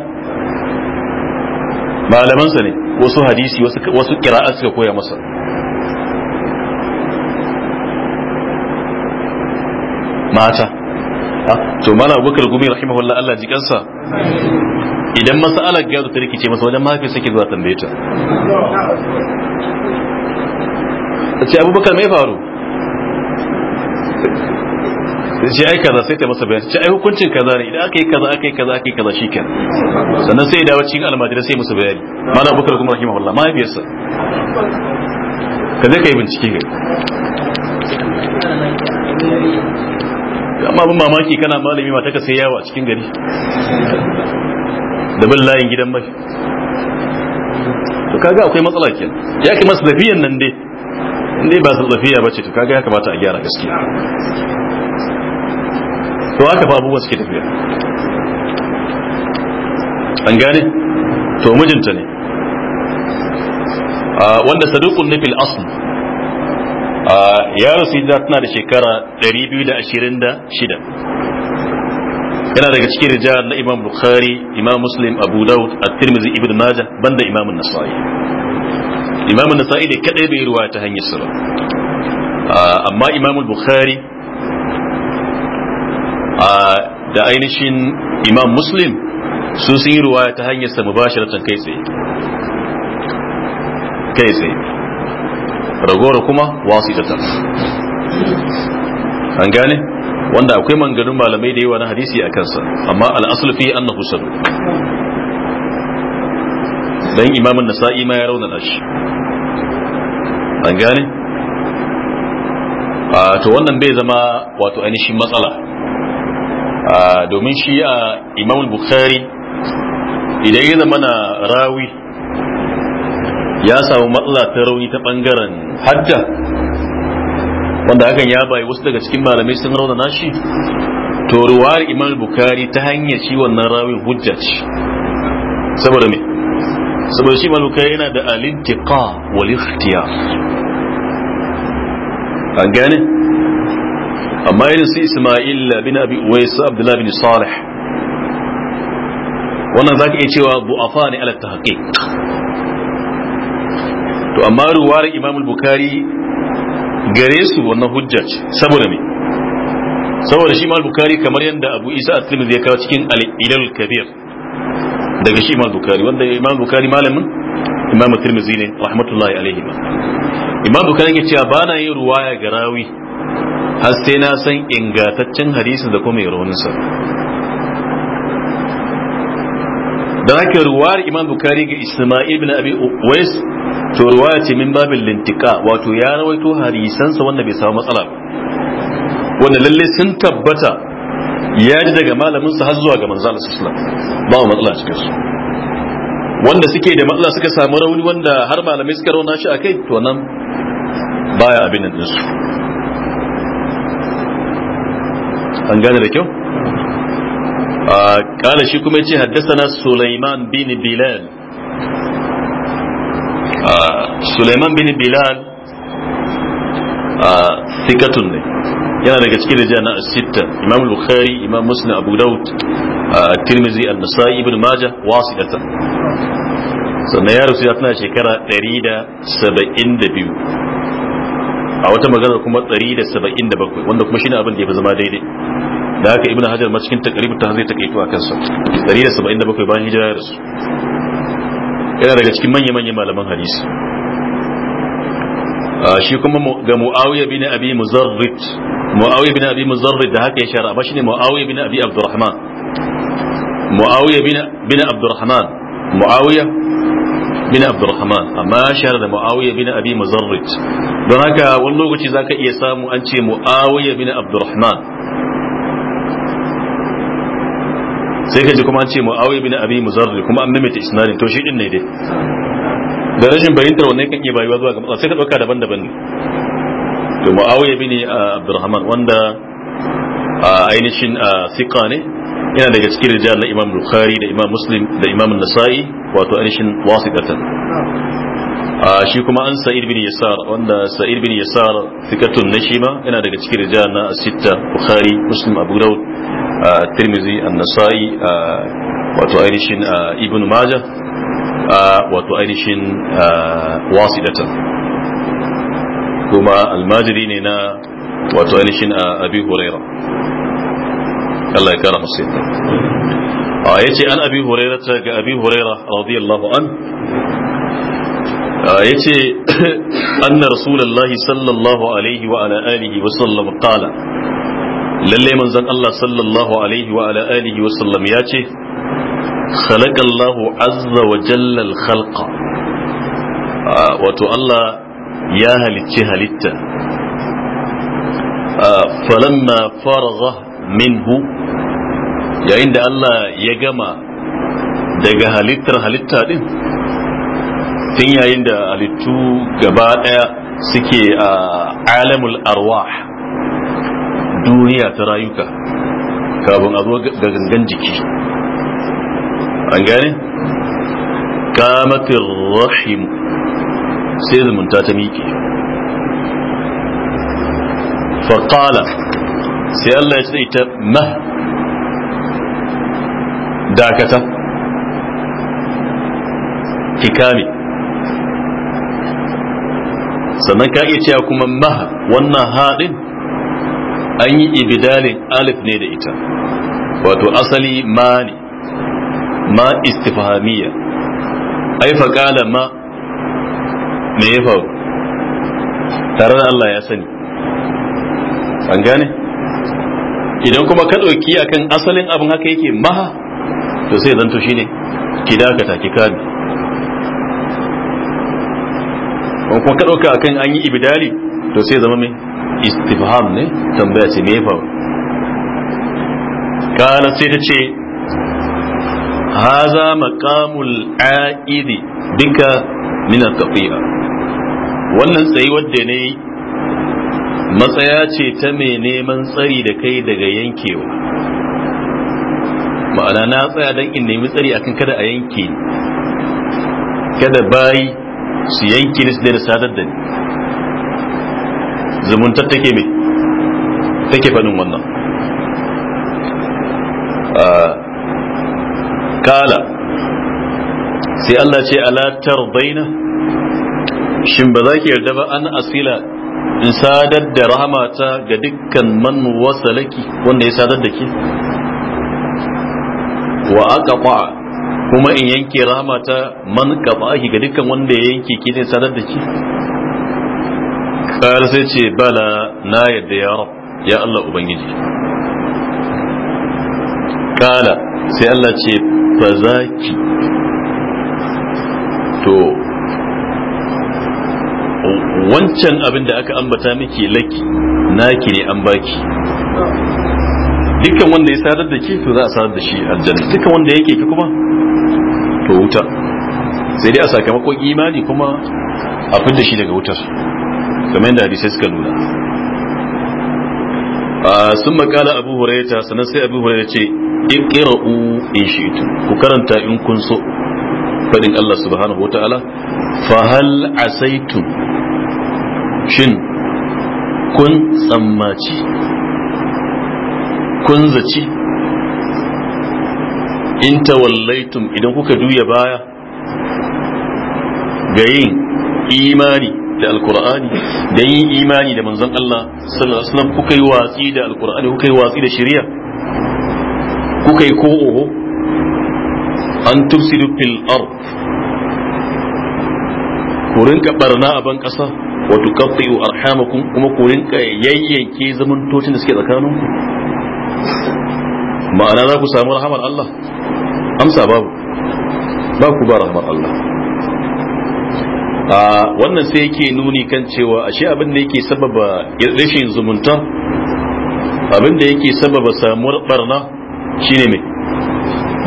Malamansa ne wasu hadisi wasu kira qira'a suka koya masa mata ah, to mana abubakar gumi rahimahullah Allah ji kansa idan mas'alar gado ta rikice masa wajen mafi sake zuwa tambaye ta ce abubakar mai faru da ce ai kaza sai ta masa bayani ce ai hukuncin kaza ne idan aka yi kaza aka yi kaza aka yi kaza shikenan sannan sai ya dawo cikin almajira sai masa bayani malam abubakar kuma rahimahullah mahaifiyarsa ka je ka yi bincike kai amma abin mamaki kana malami mata ka sai yawa cikin gari da bin layin gidan mai to kaga akwai matsala ke ya kai masu lafiyan nan dai in dai ba su lafiya ba ce to kaga ya kamata a gyara gaskiya to haka fa abubuwa suke tafiya an gane to mijinta ne ah, wanda saduqun nafil asl a ah, ya rasu da tana da shekara 226 yana daga cikin rijal na imam bukhari imam muslim abu daud at-tirmidhi ibn majah banda imam an-nasa'i imam an-nasa'i da kadai bai ruwa ta hanyar sirri ah, amma imam bukhari da ainihin imam muslim su sun yi ruwaya ta hanyar sa mubasharatan kai tsaye kai tsaye ragowar kuma wasu wasitatan an gane wanda akwai manganin malamai da yawa na hadisi a kansa amma al'asul fi na sadu dan imamin nasa'i ma ya raunana shi an gane to wannan bai zama wato ainihin matsala domin shi a imam bukhari idan ya zama na rawi ya samu matsala ta rauni ta bangaren hajja wanda hakan ya bayi wasu daga cikin malamai sun rauna nashi to ruwar imam bukhari ta hanyar shi wannan rawin hujja ce saboda me saboda shi imam bukhari yana da alintiqa wal ikhtiyar an gane amma irin su ismail bin abi uwais abdullahi bin salih wannan za zaka iya cewa du'afa ne ala tahqiq to amma ruwar imam al-bukhari gare su wannan hujja ce saboda ne saboda shi imam al-bukhari kamar yadda abu isa at-tirmidhi kawo cikin al-ilal kabir daga shi imam al-bukhari wanda imam al-bukhari malamin imam at-tirmidhi ne rahmatullahi alaihi imam al-bukhari ya ce ba na yin ruwaya ga rawi har sai na san ingantaccen hadisin da kuma rauninsa da haka ruwar imam bukari ga isma'il bin abi uwais to ruwaya ce min babin lintika wato ya rawaito hadisansa wanda bai samu matsala wanda lalle sun tabbata ya ji daga malaminsa har zuwa ga manzo Allah sallallahu alaihi wasallam ba matsala cikin su wanda suke da matsala suka samu rauni wanda har malamai suka rauna shi akai to nan baya abin nan su an gane da kyau قال شي كما يجي حدثنا سليمان بن بلال سليمان بن sikatun ne yana daga cikin rijana a sitta imam bukhari imam muslim abu daud tirmizi an-nasa'i ibn majah wasilatan sannan ya rasu ya tana shekara 172 a wata magana kuma 177 wanda kuma shine abin da ya fi zama daidai da haka ibn hajar ma cikin takrib ta zai takaitu a kansa 177 bayan hijira ya rasu yana daga cikin manya-manyan malaman hadisi shi kuma ga muawiya bin abi muzarrid muawiya bin abi muzarrid da haka ya shara amma shine muawiya bin abi abdurrahman muawiya bin bin abdurrahman muawiya bin abdurrahman amma shahara da muawiya bin abi muzarrid don haka wani lokaci zaka iya samu an ce muawiya bin abdurrahman sai ka ji kuma an ce muawiya bin abi muzarrid kuma an mimita isnadin to shi din ne dai da rashin bayyantar wannan kake iya bayuwa zuwa ga matsala sai ka dauka daban-daban ne to muawiya bin ah, abdurrahman wanda ah, ainihin ah, siqa ne yana daga cikin rijal na imam bukhari da imam muslim da imam nasa'i wato anishin wasiqatan a shi kuma an sa'id bin yasar wanda sa'id bin yasar fikatun nashima yana daga cikin rijal na sita bukhari muslim abu daud tirmizi an-nasa'i wato anishin ibn majah wato anishin wasiqatan kuma almajiri ne na wato anishin abi hurairah Allah ya kara musu a yace an abi hurairah ta ga abi hurairah radiyallahu an yace anna rasulullahi sallallahu alaihi wa ala alihi wa sallam qala lalle manzon Allah sallallahu alaihi wa ala alihi wa sallam ya ce yace خلق الله عز وجل khalqa wato Allah ya halicci halitta falamma faragha minhu yayin da Allah ya gama daga halittar halitta din tun yayin da halittu gaba daya suke a alamul arwah duniya ta rayuka kafin a zo ga gangan jiki an gane kamatin rahim sai zumunta ta miƙe faƙala sai Allah ya ce ita ma dakata ki sannan ka iya cewa kuma ma wannan haɗin an yi ibidalin alif ne da ita wato asali ma ne ma istifahamiya ai faƙala ma me faru tare da Allah ya sani an gane? idan kuma ka ɗauki akan asalin abin haka yake maha to sai zanto ne ki dakata ki kame ko kuma ka ɗauka akan an yi ibidali to sai zama mai istifham ne tambaya ce me fa kana sai ta ce haza maqamul aidi duka min al wannan tsayi wadda ne matsaya ce ta mai neman tsari da kai daga yankewa ma'ana na tsaya don in nemi tsari akan kada a yanke kada bayi su yanke ni su daina sadar da ni zumuntar take mai take faɗin wannan kala sai Allah ce ala tarbaina shin ba za ki yarda ba an asila in sadar da rahamata ga dukkan man wasalaki wanda ya sadar da ke wa aka kuma in yanke rahamata man qata'aki ga dukkan wanda ya yanke ke zai sadar da ke kar sai ce bala na yadda ya rab ya Allah ubangiji kala sai Allah ce za ki to wancan abin da aka ambata miki laki naki ne an baki dukkan wanda ya sadar da ke to za a sadar da shi aljanna dukkan wanda yake ki kuma to wuta sai dai a sakamakon imani kuma a fidda shi daga wutar kamar yadda hadisai suka nuna sun makala abu hurayta sannan sai abu hurayta ce in u in shi ku karanta in kun so fadin Allah subhanahu wa ta'ala fahal asaitu shin kun tsammaci kun zaci in tawallaitum idan kuka duya baya ga yin imani da alkur'ani da yin imani da manzon Allah sallallahu alaihi kuka yi watsi da alkur'ani kuka yi watsi da shari'a kuka yi ko oho an tufsidu fil ard ku rinka barna a ban kasa wa tuqatti'u arhamakum kuma ku rinka yayyanke zamantocin da suke tsakaninku ma'ana za ku samu rahamar Allah amsa babu ba ku ba rahamar Allah a wannan sai yake nuni kan cewa ashe abin da yake sababa rashin zumunta abin da yake sababa samuwar barna shine mai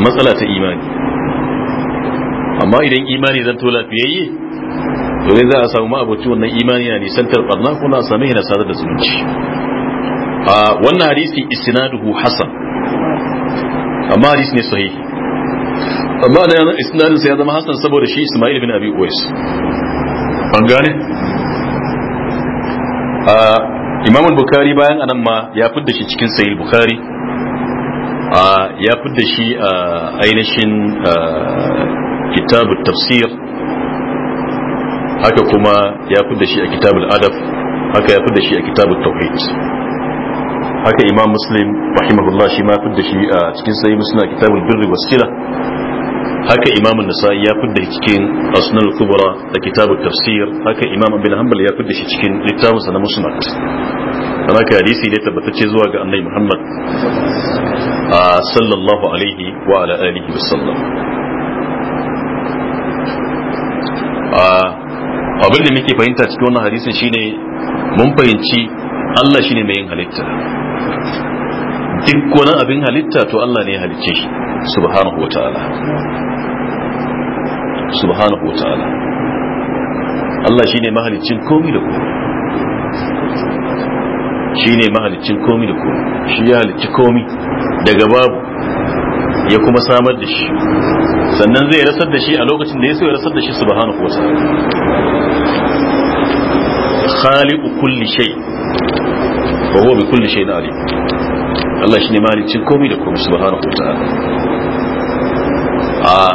matsala ta imani amma idan imani zan tola lafiyayye to zai za a samu ma'abuci wannan imani na nisantar barna kuma a same yana sadar da zumunci a wannan hadisi isnaduhu hasan amma hadisi ne sahi. amma da yana isnadin sa ya zama hasan saboda shi Ismail bin Abi Uwais an gane a Imam al-Bukhari bayan anan ma ya fidda shi cikin sahih Bukhari ya fidda shi a ainihin kitabu tafsir haka kuma ya fi da shi a kitabul adab haka ya fi da shi a kitabul tauhid haka imam muslim rahimahullah shi ma fi da shi a cikin sai a kitabul birri wasila haka imam nasa'i ya fidda shi cikin asnan al-kubra da kitab tafsir haka imam abin hanbal ya fidda shi cikin littafin sa na musnad Kana ka hadisi ne tabbatacce zuwa ga annabi muhammad sallallahu alaihi wa ala alihi sallam. abin da muke fahimta cikin wannan hadisin shine mun fahimci Allah shine mai yin halitta duk wani abin halitta to Allah ne ya halicce shi subhanahu wa ta'ala subhanahu wa ta'ala Allah shine mahalicin komai da komai shine mahalicin komai da komai shi ya halicci komai daga babu ya kuma samar da shi sannan zai rasar da shi a lokacin da ya so rasar da shi subhanahu wa ta'ala khaliqu kulli shay wa huwa bi kulli shay'in alim Allah shine malicin komai da komai subhanahu wa ta'ala a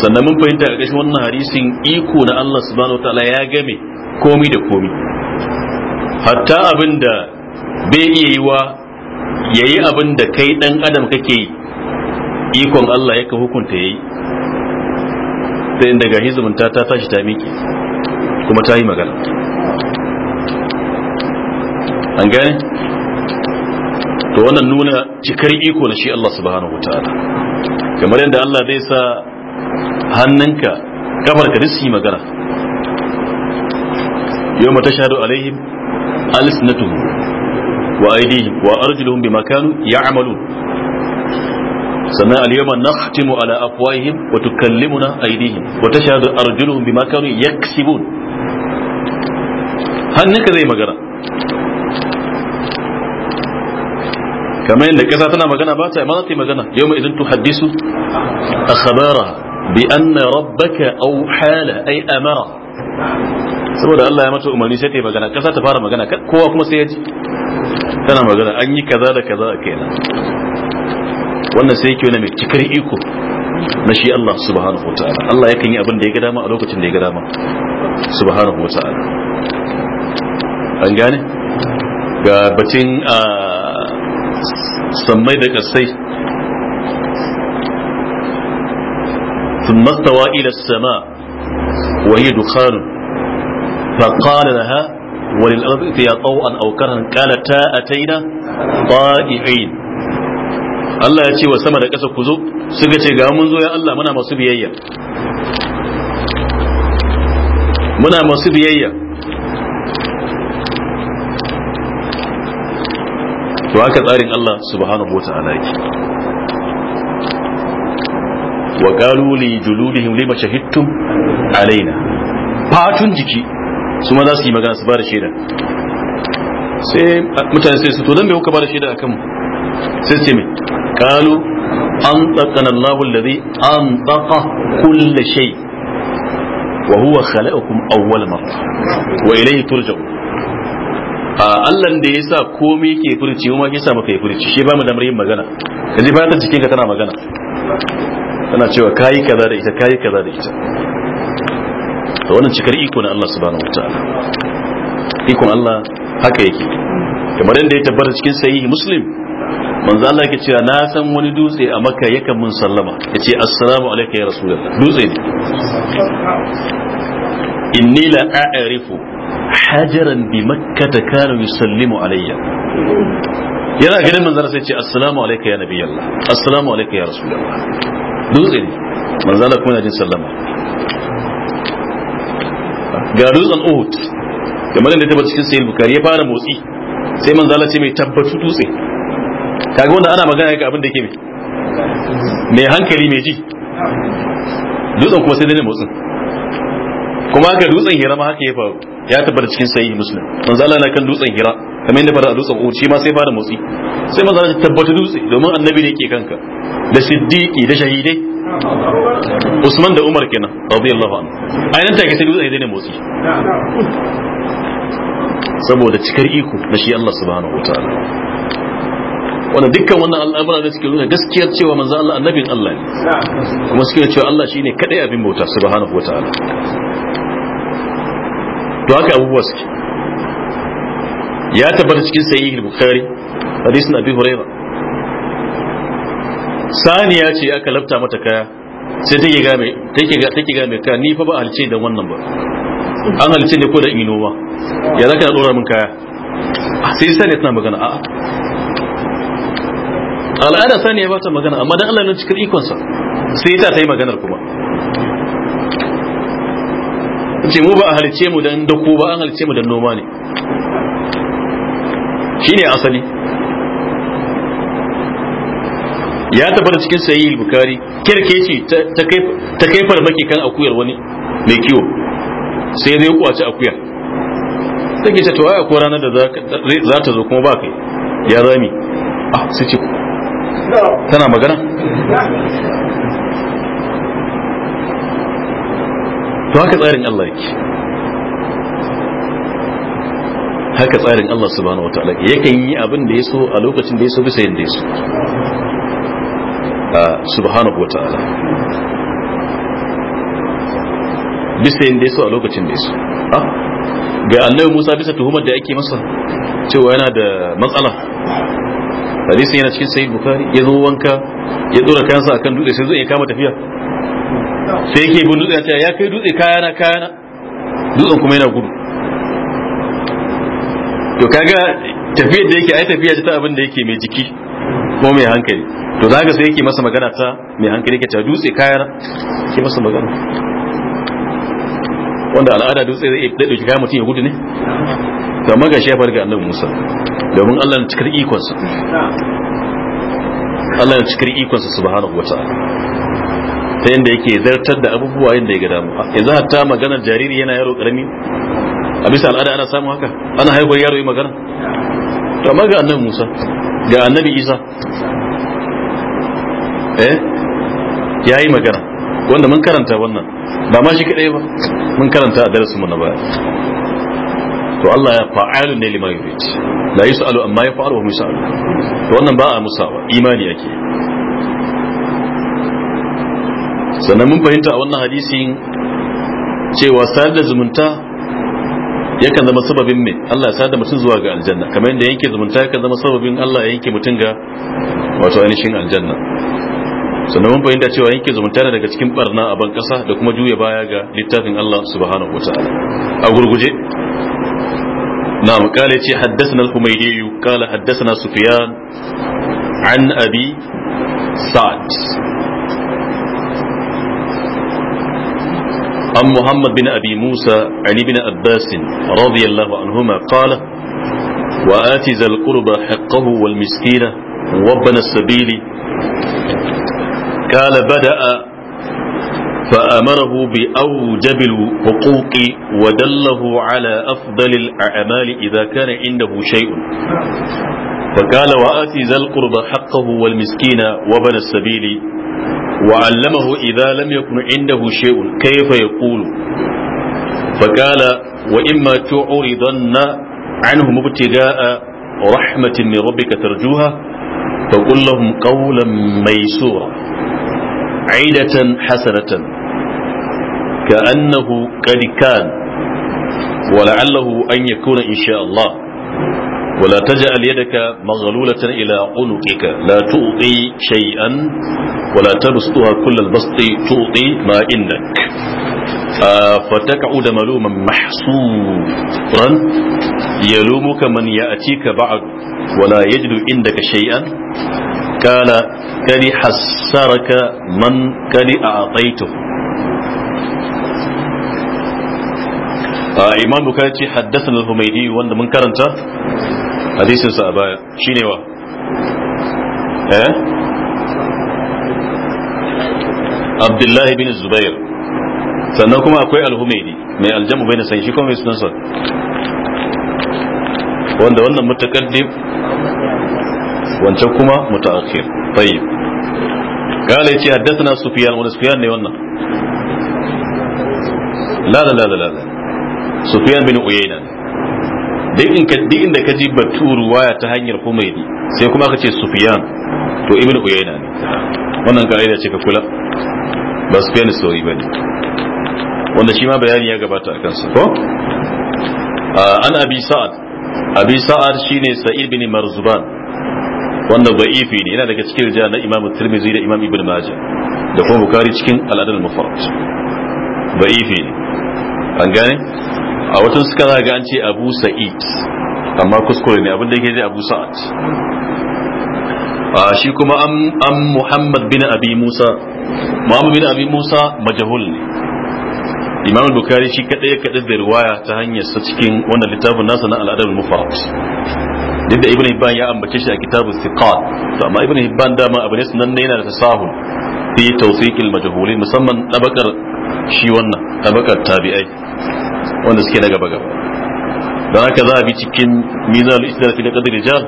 sannan mun fahimta a ƙarshen wannan hadisin iko na Allah subhanahu wa ta'ala ya game komai da komai hatta abinda bai iya yi wa yayi abin da kai dan adam kake yi ikon Allah ya yake hukunta ya yi. sai daga hizumunta ta tashi ta miki kuma ta yi magana an gane to wannan nuna cikar iko na shi Allah subhanahu ta'ala kamar yadda Allah zai sa hannunka kamar ka risi magana yau mata shahadu alaihim alisnatuhum wa aidihim wa arjuluhum bima kanu ya'malun sannan al na nakhtimu ala afwahihim wa tukallimuna aydihim wa tashhadu arjuluhum bima kanu yaksibun hannunka zai magana kamar yadda kasa tana magana ba ta ma magana yau mai idan tu haddisu a khabara bi anna rabbaka au hala ai amara saboda Allah ya mata umarni sai ta yi magana kasa ta fara magana kowa kuma sai ya ji tana magana an yi kaza da kaza a kenan wannan sai yake wani mai cikar iko na shi Allah subhanahu wataala Allah yakan yi abin da ya ga dama a lokacin da ya ga dama subhanahu wataala an gane ga batun a sammai da kasai sun mastawa ila sama wa yi dukkanu fa qala laha وللأرض فيها طوعا أو كرها قالتا أتينا طائعين Allah ya ce wa sama da ƙasa ku zo suka ce ga mun zo ya Allah muna masu biyayya muna masu biyayya to haka tsarin Allah subhanahu wa ta'ala yake wa qalu li juludihim lima shahidtum alaina fatun jiki su ma za su yi magana su ba da shaida sai mutane sai su to dan me kuka ba da shaida akan mu sai ce me قالوا أنطقنا الله الذي أنطق كل شيء وهو خلقكم أول مرة وإليه ترجعون Allah da ya sa komai ke furci kuma ya sa maka ya furci shi ba mu damar yin magana yanzu ba ta cikin ka tana magana tana cewa kayi kaza da ita kayi kaza da ita to wannan cikar iko na Allah subhanahu wataala ikon Allah haka yake kamar yadda ya tabbata cikin sahihi muslim manzo Allah yake cewa na san wani dutse a Makka yakan mun sallama yace assalamu alayka ya rasulullah dutse ne inni la a'rifu hajaran bi Makka ta kana yusallimu alayya yana ganin manzo sai ce assalamu alayka ya nabiyallah assalamu alayka ya rasulullah dutse ne manzo Allah kuma jin sallama ga dutsen Uhud kamar da ta cikin Sayyid Bukhari ya fara motsi sai manzo Allah ce mai tabbatu dutse kaga wannan ana magana yake abin da yake mai hankali mai ji dutsen kuma sai dai motsin kuma haka dutsen hira ma haka ya faru ya tabbata cikin sayi muslim manzo Allah na kan dutsen hira kamar yadda fara dutsen uci shi ma sai fara motsi sai manzo Allah ya tabbata dutse domin annabi ne yake kanka da siddiqi da shahidai Usman da Umar kenan radiyallahu anhu ainihin take sai dutsen ya ne motsi saboda cikar iko na shi Allah subhanahu wataala wanda dukkan wannan al'amura da suke nuna gaskiyar cewa manzo Allah annabin Allah ne kuma suke cewa Allah shine kadai abin bauta subhanahu wataala to haka abubuwa suke ya tabbata cikin sahih bukhari hadisin abi huraira ya ce aka labta mata kaya sai take ga mai take ga take ga mai kaya ni fa ba halice da wannan ba an halice ne ko da inoma ya zaka dora min kaya ah, sai sani tana magana a'a al'ada sani ya bata magana amma dan Allah ne cikin ikonsa sai ya ta yi maganar kuma ce mu ba a halice mu dan dako ba an halice mu dan noma ne shine asali ya tabbata cikin sayi bukari kirkeci ta kai farmaki kan akuyar wani mai kiwo sai zai kwace akuya sai ke ce to ai akwai ranar da za ta zo kuma ba kai ya rami ah sai ce tana magana to haka tsarin Allah yake haka tsarin Allah subhanahu wataala yake yi abin da ya so a lokacin da ya so bisa yanda ya so ah, subhanahu wataala bisa yanda ya so a lokacin da ya so ah, ga annabi Musa bisa tuhumar da ake masa cewa yana da matsala hadisi yana cikin sahih bukhari ya zo wanka ya dora kayansa akan dutse sai zo ya kama tafiya sai yake bin dutse ya ya kai dutse kayana kayana dutsen kuma yana gudu to kaga tafiyar da yake ai tafiya ta abin da yake mai jiki ko mai hankali to zaka sai yake masa magana ta mai hankali yake ta dutse kayana ke masa magana wanda al'ada dutse zai daɗe kayan mutum ya gudu ne to amma ga shafar ga annabi musa domin allah na cikar ikonsa allah na cikar ikonsa subhanahu wa ta yadda yake zartar da abubuwa yadda ya ga damu yanzu hatta maganar jariri yana yaro karami a bisa al'ada ana samu haka ana haihuwar yaro yi magana to amma ga annabi musa ga annabi isa eh ya yi magana wanda mun karanta wannan ba ma shi kadai ba mun karanta a darasin mu na baya to Allah ya fa'alu ne lima yurid la yusalu amma ya fa'alu wa musalu to wannan ba a musawa imani yake sannan mun fahimta a wannan hadisin cewa sadar da zumunta yakan zama sababin mai Allah ya da mutum zuwa ga aljanna kamar yadda yanke zumunta yakan zama sababin Allah ya yanke mutum ga wato ainihin aljanna sannan mun fahimta cewa yanke zumunta na daga cikin barna a ban kasa da kuma juya baya ga littafin Allah subhanahu wataala a gurguje نعم قال حدثنا الحميدي قال حدثنا سفيان عن أبي سعد عن محمد بن أبي موسى عن ابن عباس رضي الله عنهما قال وآت ذا القربى حقه والمسكين وابن السبيل قال بدأ فأمره بأوجب الحقوق ودله على أفضل الأعمال إذا كان عنده شيء فقال وآتي ذا القرب حقه والمسكين وبن السبيل وعلمه إذا لم يكن عنده شيء كيف يقول فقال وإما تعرضن عنهم ابتغاء رحمة من ربك ترجوها فقل لهم قولا ميسورا aidatan hasanatan ka annahu qad kan wa la'allahu an yakuna insha Allah ولا تجعل يدك مغلولة إلى عنقك لا تؤطي شيئا ولا تبسطها كل البسط تؤطي ما إنك فتقعد ملوما محصورا يلومك من يأتيك بعد ولا يجد عندك شيئا kala kadi hassaraka man kadi a ataitu imam bukari haddasa al-humaidi wanda mun karanta hadisinsa a shine wa eh? abdullahi bin zubair sannan kuma akwai al-humaidi mai aljamu na san shi wancan kuma mutaakhir tayyib قال يتي حدثنا سفيان وسفيان ne wannan la la la la سفيان بن عيينة duk in ka duk inda ka ji batu ruwaya ta hanyar Humaydi sai kuma aka ce Sufyan to Ibn Uyayna ne wannan ka'ida ce ka kula ba Sufyan sauri bane wanda shi ma bayani ya gabata akan sa ko ah, an Abi Sa'ad Abi Sa'ad shine Sa'id bin Marzuban wannan da'ifi ne yana daga cikin rijal na imam tirmidhi da imam ibn majah da kuma bukari cikin al'adar mufarrad da'ifi ne an gane a wata suka za ga an ce abu sa'id amma kuskure ne abin da yake abu sa'ad shi kuma an muhammad bin abi musa muhammad bin abi musa majahul ne imam bukari shi kadai kadai da riwaya ta hanyar sa cikin wannan littafin nasa na al'adar mufarrad duk da ibn hibban ya ambace shi a kitabu siqat to amma ibn hibban dama abu ne sunan ne yana da tasahul fi tawsiqil majhuli musamman tabakar shi wannan tabakar tabi'ai wanda suke na gaba gaba don haka za a bi cikin mizal islam fi qadr rijal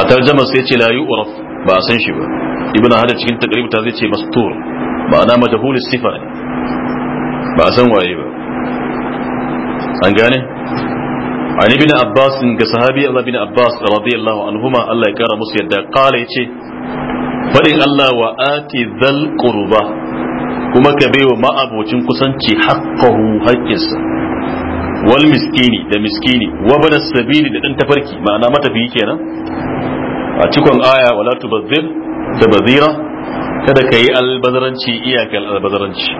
a tarjama sai ce la yu'raf ba a san shi ba ibn hada cikin taqrib ta zai ce mastur ma'ana majhul sifa ba a san waye ba an gane عن ابن عباس كصحابي الله بن عباس رضي الله عنهما الله يكرم مسيدا قال يتي فلن الله وآتي ذا القربى كما كبير ما أبو تنكسنتي حقه حقسا والمسكيني ده مسكيني وبن السبيل ده انت فركي ما أنا متى فيه كينا أتكون آية ولا تبذر تبذيرة kada ka yi albazaranci iyakar albazaranci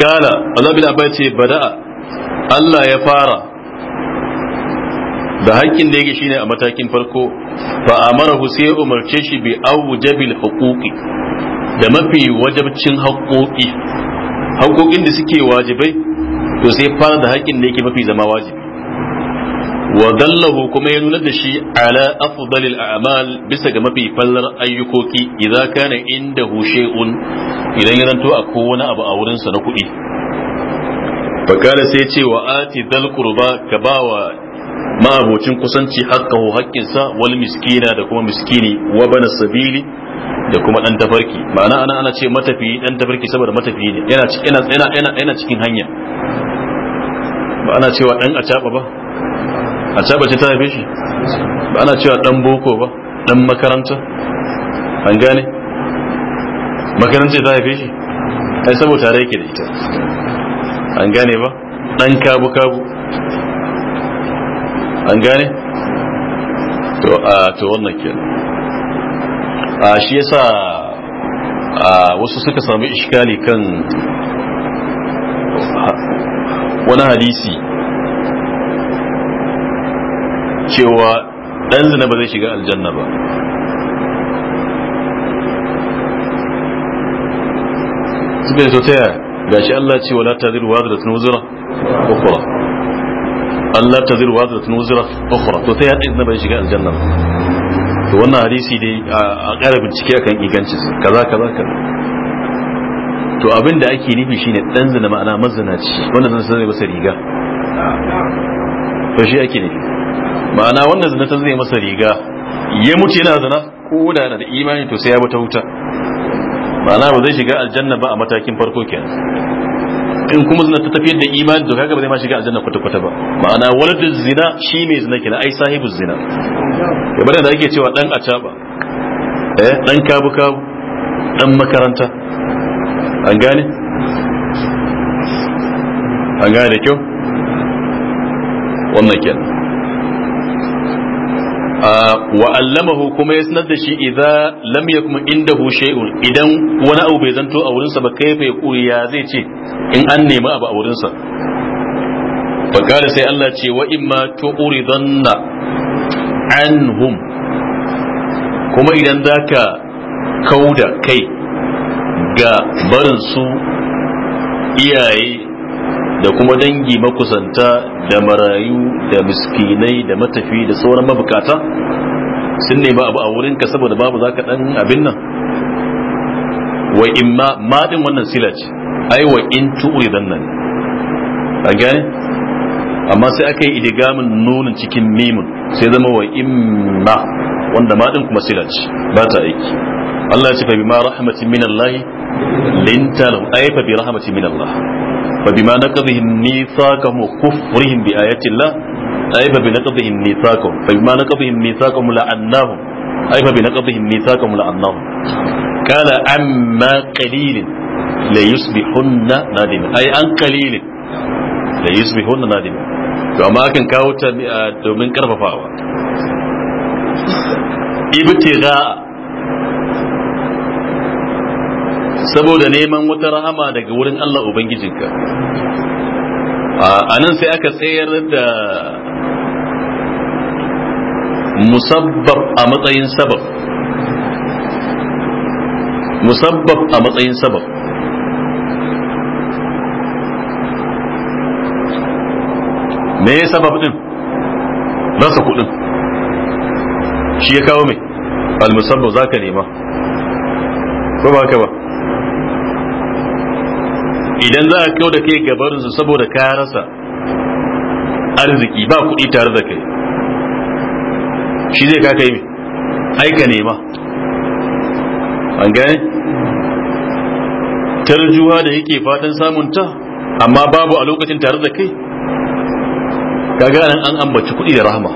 kala Allah bin Abba ce bada'a Allah ya fara da hakkin da yake shine a matakin farko fa amarahu sai ya umarce shi bi awjabil huquqi da mafi wajabcin haƙoƙi haƙoƙin da suke wajibai to sai fara da haƙƙin da yake mafi zama wajibi wa dallahu kuma ya nuna da shi ala afdalil a'mal bisa ga mafi fallar ayyukoki idza kana indahu shay'un idan ya zanto a kowane abu a wurinsa na kuɗi kana sai ce wa ati dal qurba ka bawa ma'abocin kusanci haƙƙahu haƙƙinsa wal miskina da kuma miskini wa bana sabili da kuma dan tafarki ma'ana ana ana ce matafi dan tafarki saboda matafi ne yana yana yana yana cikin hanya ba ana cewa dan acaba ba acaba ce ta haife shi ba ana cewa dan boko ba dan makaranta an gane makaranta ta haife shi ai saboda tare yake da ita an gane ba dan kabu kabu an gane to a to wannan ke a shi yasa wasu suka samu iskali kan wani hadisi cewa dan zina ba zai shiga aljanna ba suka yi ta ya gashi Allah ce wala tadiru wa da tunuzura ukura Allah ta ziru wazira tun wuzira ukura to ta ya ɗin bai shiga aljanna to wannan hadisi dai a ƙara bincike akan iganci kaza kaza kaza to abin da ake nufi shine dan zina ma'ana mazinaci Wannan zan zai masa riga to shi ake nufi ma'ana wannan zina zai masa riga ya mutu yana zina ko da yana da imani to sai ya bata wuta ma'ana ba zai shiga aljanna ba a matakin farko kenan in kuma zina ta tafiyar da imani to kaga ba zai ma shiga aljanna kwata kwata ba ma'ana waladul zina shi mai zina kina ai sahibul zina ya bada da ake cewa dan acaba eh dan kabu kabu dan makaranta an gane an gane kyau wannan kenan wa allamahu kuma ya sanar da shi idza lam yakum indahu shay'un idan wani abu bai zanto a wurinsa ba kai bai kuriya zai ce in an nemi abu a wurinsa fa kada sai Allah ce wa imma tuqridanna anhum kuma idan zaka kauda kai ga barin su iyaye da kuma dangi makusanta da marayu da miskinai da matafi da sauran mabukata sun nemi abu a wurin ka saboda babu za ka ɗan abin nan wa imma maɗin wannan sila ce ai wa in tu'uri dan nan a gane amma sai aka yi idigamin nunin cikin mimun sai zama wa imma wanda maɗin kuma sila ce ba ta aiki Allah ya ce fa bi ma rahmatin min Allah linta lahum ay fa bi rahmatin min Allah fa bima naqdihim mithaqahum kufrihim bi ayati Allah ay fa bima naqdihim mithaqahum fa bima naqdihim mithaqahum la'annahum ay fa bima naqdihim mithaqahum la'annahum kana amma qalilin la yusbihunna nadim ay an qalilin akan kawo ta ah, domin karfafawa ibtigha'a saboda neman wata rahama daga wurin Allah Ubangijinka a nan sai aka tsayar da musabbab a matsayin sabab musabbab a matsayin sabab me ya sabab din rasa kudin shi ya kawo mai al-musabbab zaka nema ko ba ka ba idan za a kyau da kai gabarinsu saboda ka rasa arziki ba kuɗi tare da kai shi zai ka kai aika nema an gane tarjuwa da yake fatan samun ta amma babu a lokacin tare da kai kaga nan an ambaci kuɗi da rahama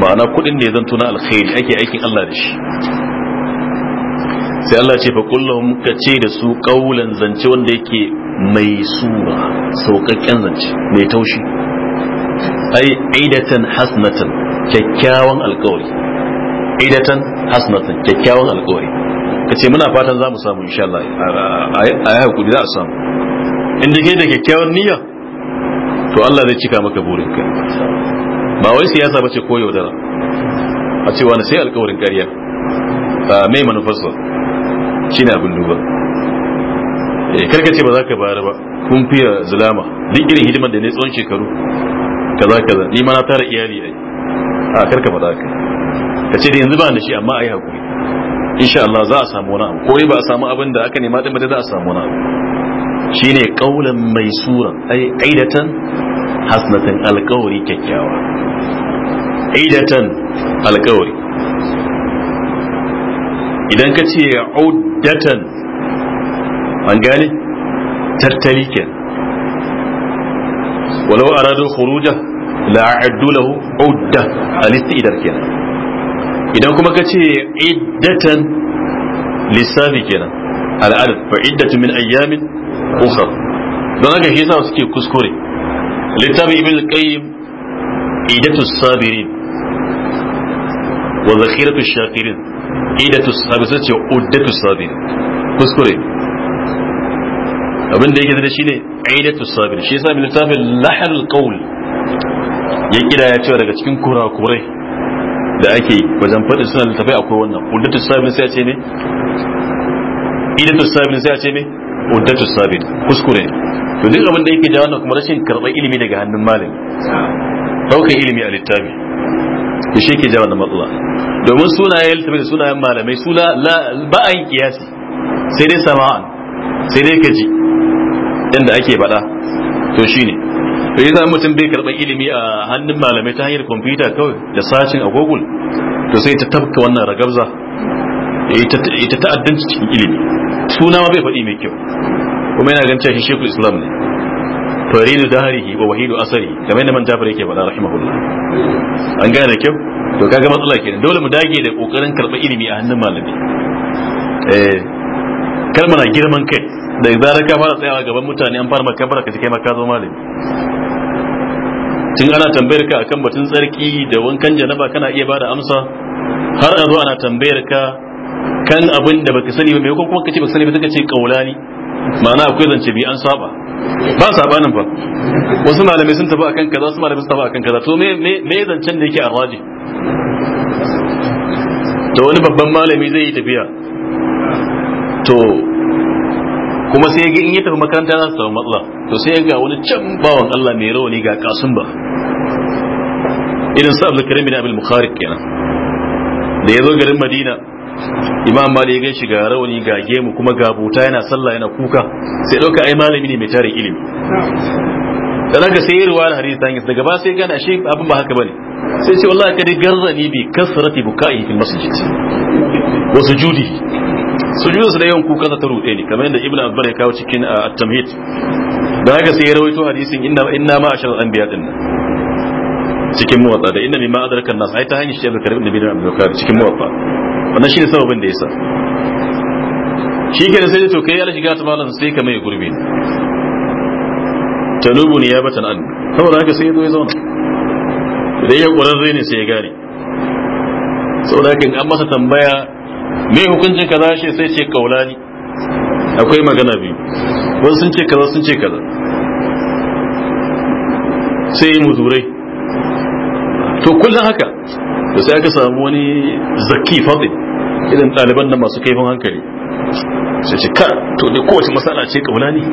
ma'ana kuɗin ne zan tuna alkhairi ake aikin Allah da shi sai Allah ce fa kullum ka ce da su kaulan zance wanda yake mai sura sauƙaƙƙen zance mai taushi ai idatan hasnatan kyakkyawan alkawari idatan hasnatan kyakkyawan alkawari ka ce muna fatan za mu samu insha Allah a yi hakuri za a samu in da ke da kyakkyawan niyya to Allah zai cika maka burinka ba wai siyasa ba ce ko yaudara a cewa na sai alkawarin ƙarya mai manufarsa shine abin duba eh, karka ce ba za ka bayar ba kun fiya zulama duk irin hidimar da ne tsawon shekaru kaza kaza ni ma na tara iyali ai a ah, karka faɗa ka ka ce da yanzu ba da shi amma ai hakuri insha Allah za a samu wani abu ko ba a samu abin da aka nema din ba da a samu wani abu shine qaulan maisura ai aidatan hasnatan alqawri kyakkyawa aidatan alqawri idan ka ce audatan an gane tattali ke walau aradul khuruja la a'addu lahu udda al idar kenan idan kuma ka ce iddatan lissafi kenan al'adad fa iddatu min ayyamin ukhra don haka shi yasa suke kuskure littafin ibn qayyim iddatu sabirin wa zakhiratu shakirin idatu sabi ce uddatu sabir kuskure abin da yake da shi ne idatu sabir shi yasa mai littafin lahal qaul ya kira ya ce daga cikin kurakurai da ake yi wajen faɗin suna littafai akwai wannan uddatu sabi sai ce ne idatu sabi sai ce ne uddatu sabi kuskure to duk abin da yake jawo wannan kuma rashin karɓar ilimi daga hannun malami ɗaukar ilimi a littafi da shi ke jama da matsala domin sunayen littafi da sunayen malamai suna ba a yi kiyasi sai dai sama'an sai dai kaji inda ake faɗa to shi ne. to yasa mutum bai karɓar ilimi a hannun malamai ta hanyar kwamfuta kawai da sashin a google to sai ta tabka wannan ragabza ita ta'addanci cikin ilimi suna ma bai faɗi mai kyau kuma yana ganin cewa shi shekul islam ne faridu daharihi wa wahidu asari kamar yadda man jafar yake faɗa rahimahullah an gane da kyau to kaga matsala kenan dole mu dage da kokarin karɓa ilimi a hannun malami eh kalma na girman kai da zarar ka fara tsayawa gaban mutane an fara maka fara ka kai ka zo malami tun ana tambayar ka akan batun tsarki da wankan janaba kana iya bada amsa har a zo ana tambayar ka kan abin da baka sani ba mai kuma kace baka sani ba take ce kaulani ma'ana akwai zance bi an saba ba sabanin ba wasu malamai sun tafi akan kaza su malamai sun tafi akan kaza to me me zancen da yake a raji to wani babban malami zai yi tafiya to kuma sai ga in ya tafi makaranta za su samu matsala to sai ga wani can bawan Allah mai rawani ga kasum ba irin sa Abdul Karim bin Abdul Mukharik kenan da ya zo garin Madina imam malik ya shiga rauni ga gemu kuma ga buta yana sallah yana kuka sai dauka ai malami ne mai tarin ilimi dan haka sai ruwa da hadisi tangis daga ba sai gana shi abin ba haka bane sai ce wallahi kadi garzani bi kasrati bukai fil masjid wa sujudi sujudu da yawan kuka ta rude ne kamar yadda ibnu abbar ya kawo cikin ah, at-tamhid dan haka sai rawaito hadisin inna inna ma ashar anbiya din cikin muwatta da inna mimma adrakan nas ai ta hanyar shi da karbi da abubakar cikin muwatta wannan shine sababin da yasa shi ke sai to kai ala shiga ta malam sai ka mai gurbi tanubu ne ya batan an saboda haka sai ya zo ya zauna idan ya ƙwararre ne sai ya gane saboda haka an masa tambaya me hukuncin kaza shi sai ce kaulani akwai magana biyu wasu sun ce kaza sun ce kaza sai yi muzurai to kullum haka da sai aka samu wani zaki fadi idan ɗaliban nan masu kaifin hankali sai ce ka to da kowace matsala ce kauna ne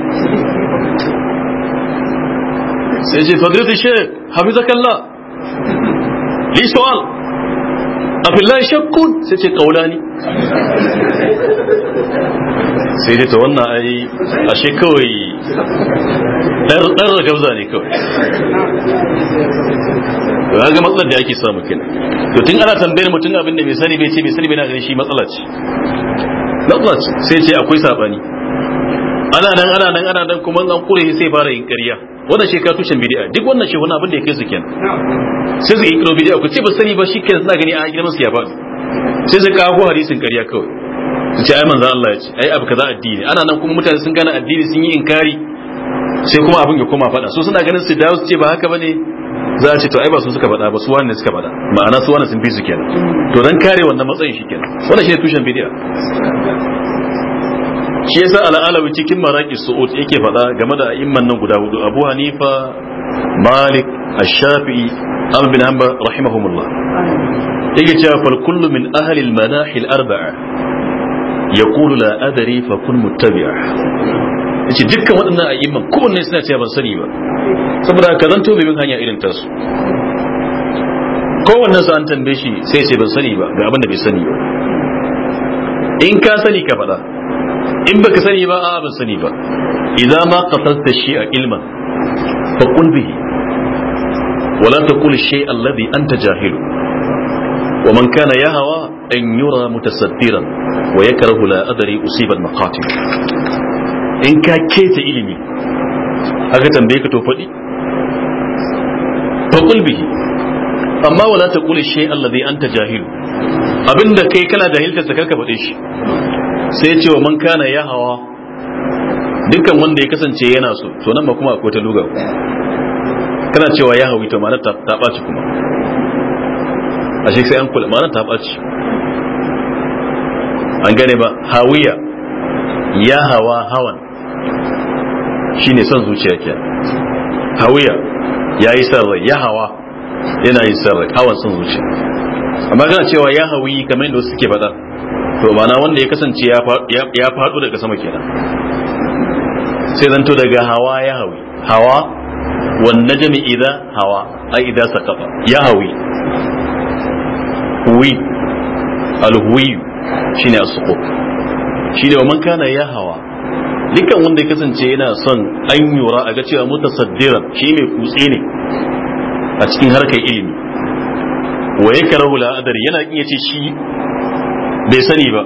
sai ce fadilatu shek hamizakalla li su'al a shakkun sai ce kauna ne sai dai ta wannan ai a ashe kawai da ragabza ne kawai to ga matsalar da ake samu kenan to tun ana tambayar mutum abin da bai sani bai ce bai sani bai na ganin shi matsala ce matsala ce sai ce akwai sabani ana nan ana nan ana nan kuma an kure sai fara yin ƙarya wannan shi ka tushen bid'a duk wannan shi abin da ya kai su kenan sai su yi kiro ku ce ba sani ba shi kenan suna gani a gidan su ya faɗi sai su kawo hadisin ƙarya kawai su ce ai manzo Allah ya ce ai abu kaza addini ana nan kuma mutane sun gane addini sun yi inkari sai kuma abin ya koma faɗa so suna ganin su dawo su ce ba haka bane za a ce to ai ba su suka faɗa ba su wani suka faɗa ma'ana su wani sun fi su kenan to dan kare wannan matsayin shi kenan wannan shine tushen bidiya shi yasa al'alawi cikin maraki su'ud yake faɗa game da a'imman nan guda hudu abu hanifa malik ash-shafi'i ahmad bin hanbal rahimahumullah yake cewa fal kullu min ahli al-manahil arba'a yaqulu la adri fa kun muttabi'a yace dukkan waɗannan a'imman kowanne suna cewa ban sani ba saboda ka zanto bai bin hanya irin tasu kowanne su an tambaye shi sai sai ban sani ba ga abin da bai sani ba in ka sani ka faɗa in baka sani ba a ban sani ba idan ma qasasta shi a ilman fa qul bihi wala taqul shay alladhi anta jahilu wa man kana yahwa an yura mutasaddiran wa yakrahu la adri usiba al maqatil in ka keta ilimi aka tambaye ka to faɗi faqul bihi amma wala taqul shi alladhi anta jahil abinda kai kana jahilta sa karka fade shi sai ya ce wa man kana ya hawa dukkan wanda ya kasance yana so to nan ba kuma akwai ta lugar kana cewa ya hawi to ma'anar ta ɓaci kuma a shi sai an kula ma'anar ta ɓaci an gane ba hawiya ya hawa hawan shine son zuciya ke hawiya ya yi sarrai ya hawa yana yi sarrai hawa sun zuci amma kana cewa ya hawi kamar yadda wasu suke faɗa to ma'ana wanda ya kasance ya faɗo daga sama kenan sai zanto daga hawa ya hawi hawa wanne najmi idza hawa ai sa saqata ya hawi huwi al huwi a as shi ne wa man kana ya hawa dukkan wanda ya kasance yana son an yura a ga cewa mutasaddiran shi mai kutse ne a cikin harkar ilimi wa ya karahu la'adari yana iya ce shi bai sani ba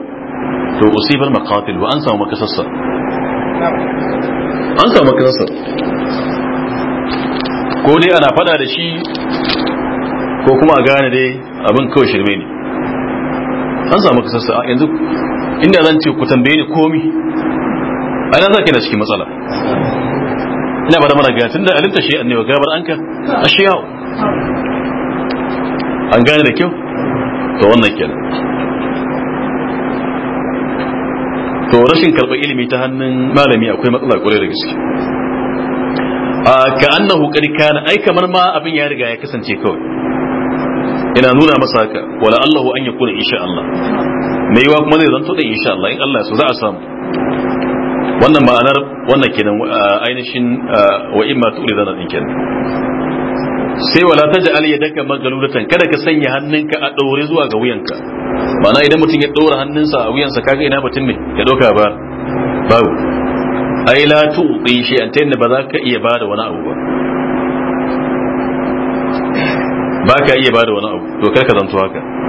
to usibar makatil ba an samu makasassa an samu makasassa ko dai ana fada da shi ko kuma a gane dai abin kawai shirme ne an samu makasassa yanzu inda zan ce ku tambaye ni komi a nan za da cikin matsala ina ba da mana gaya tun da alimta shi annewa gabar an ka a shi yawo an gane da kyau to wannan kenan to rashin karɓar ilimi ta hannun malami akwai matsala kwarai da gaske A ka annahu kadi kana ai kamar ma abin ya riga ya kasance kawai ina nuna masa haka wala Allahu an yakuna insha Allah mai yiwa kuma zai zanto da insha Allah in Allah ya so za a samu wannan ma'anar wannan kenan uh, ainihin uh, wa imma zana din kenan sai wala ta taj'al yadaka magalulatan kada ka sanya hannunka a daure zuwa ga wuyanka ma'ana idan mutum ya daura hannunsa a wuyansa kaga ina mutum ne ya doka ba babu ai la tu'ti shay'an ta yadda ba za ka iya bada wani abu ba ba ka iya bada wani abu to kar ka zanto haka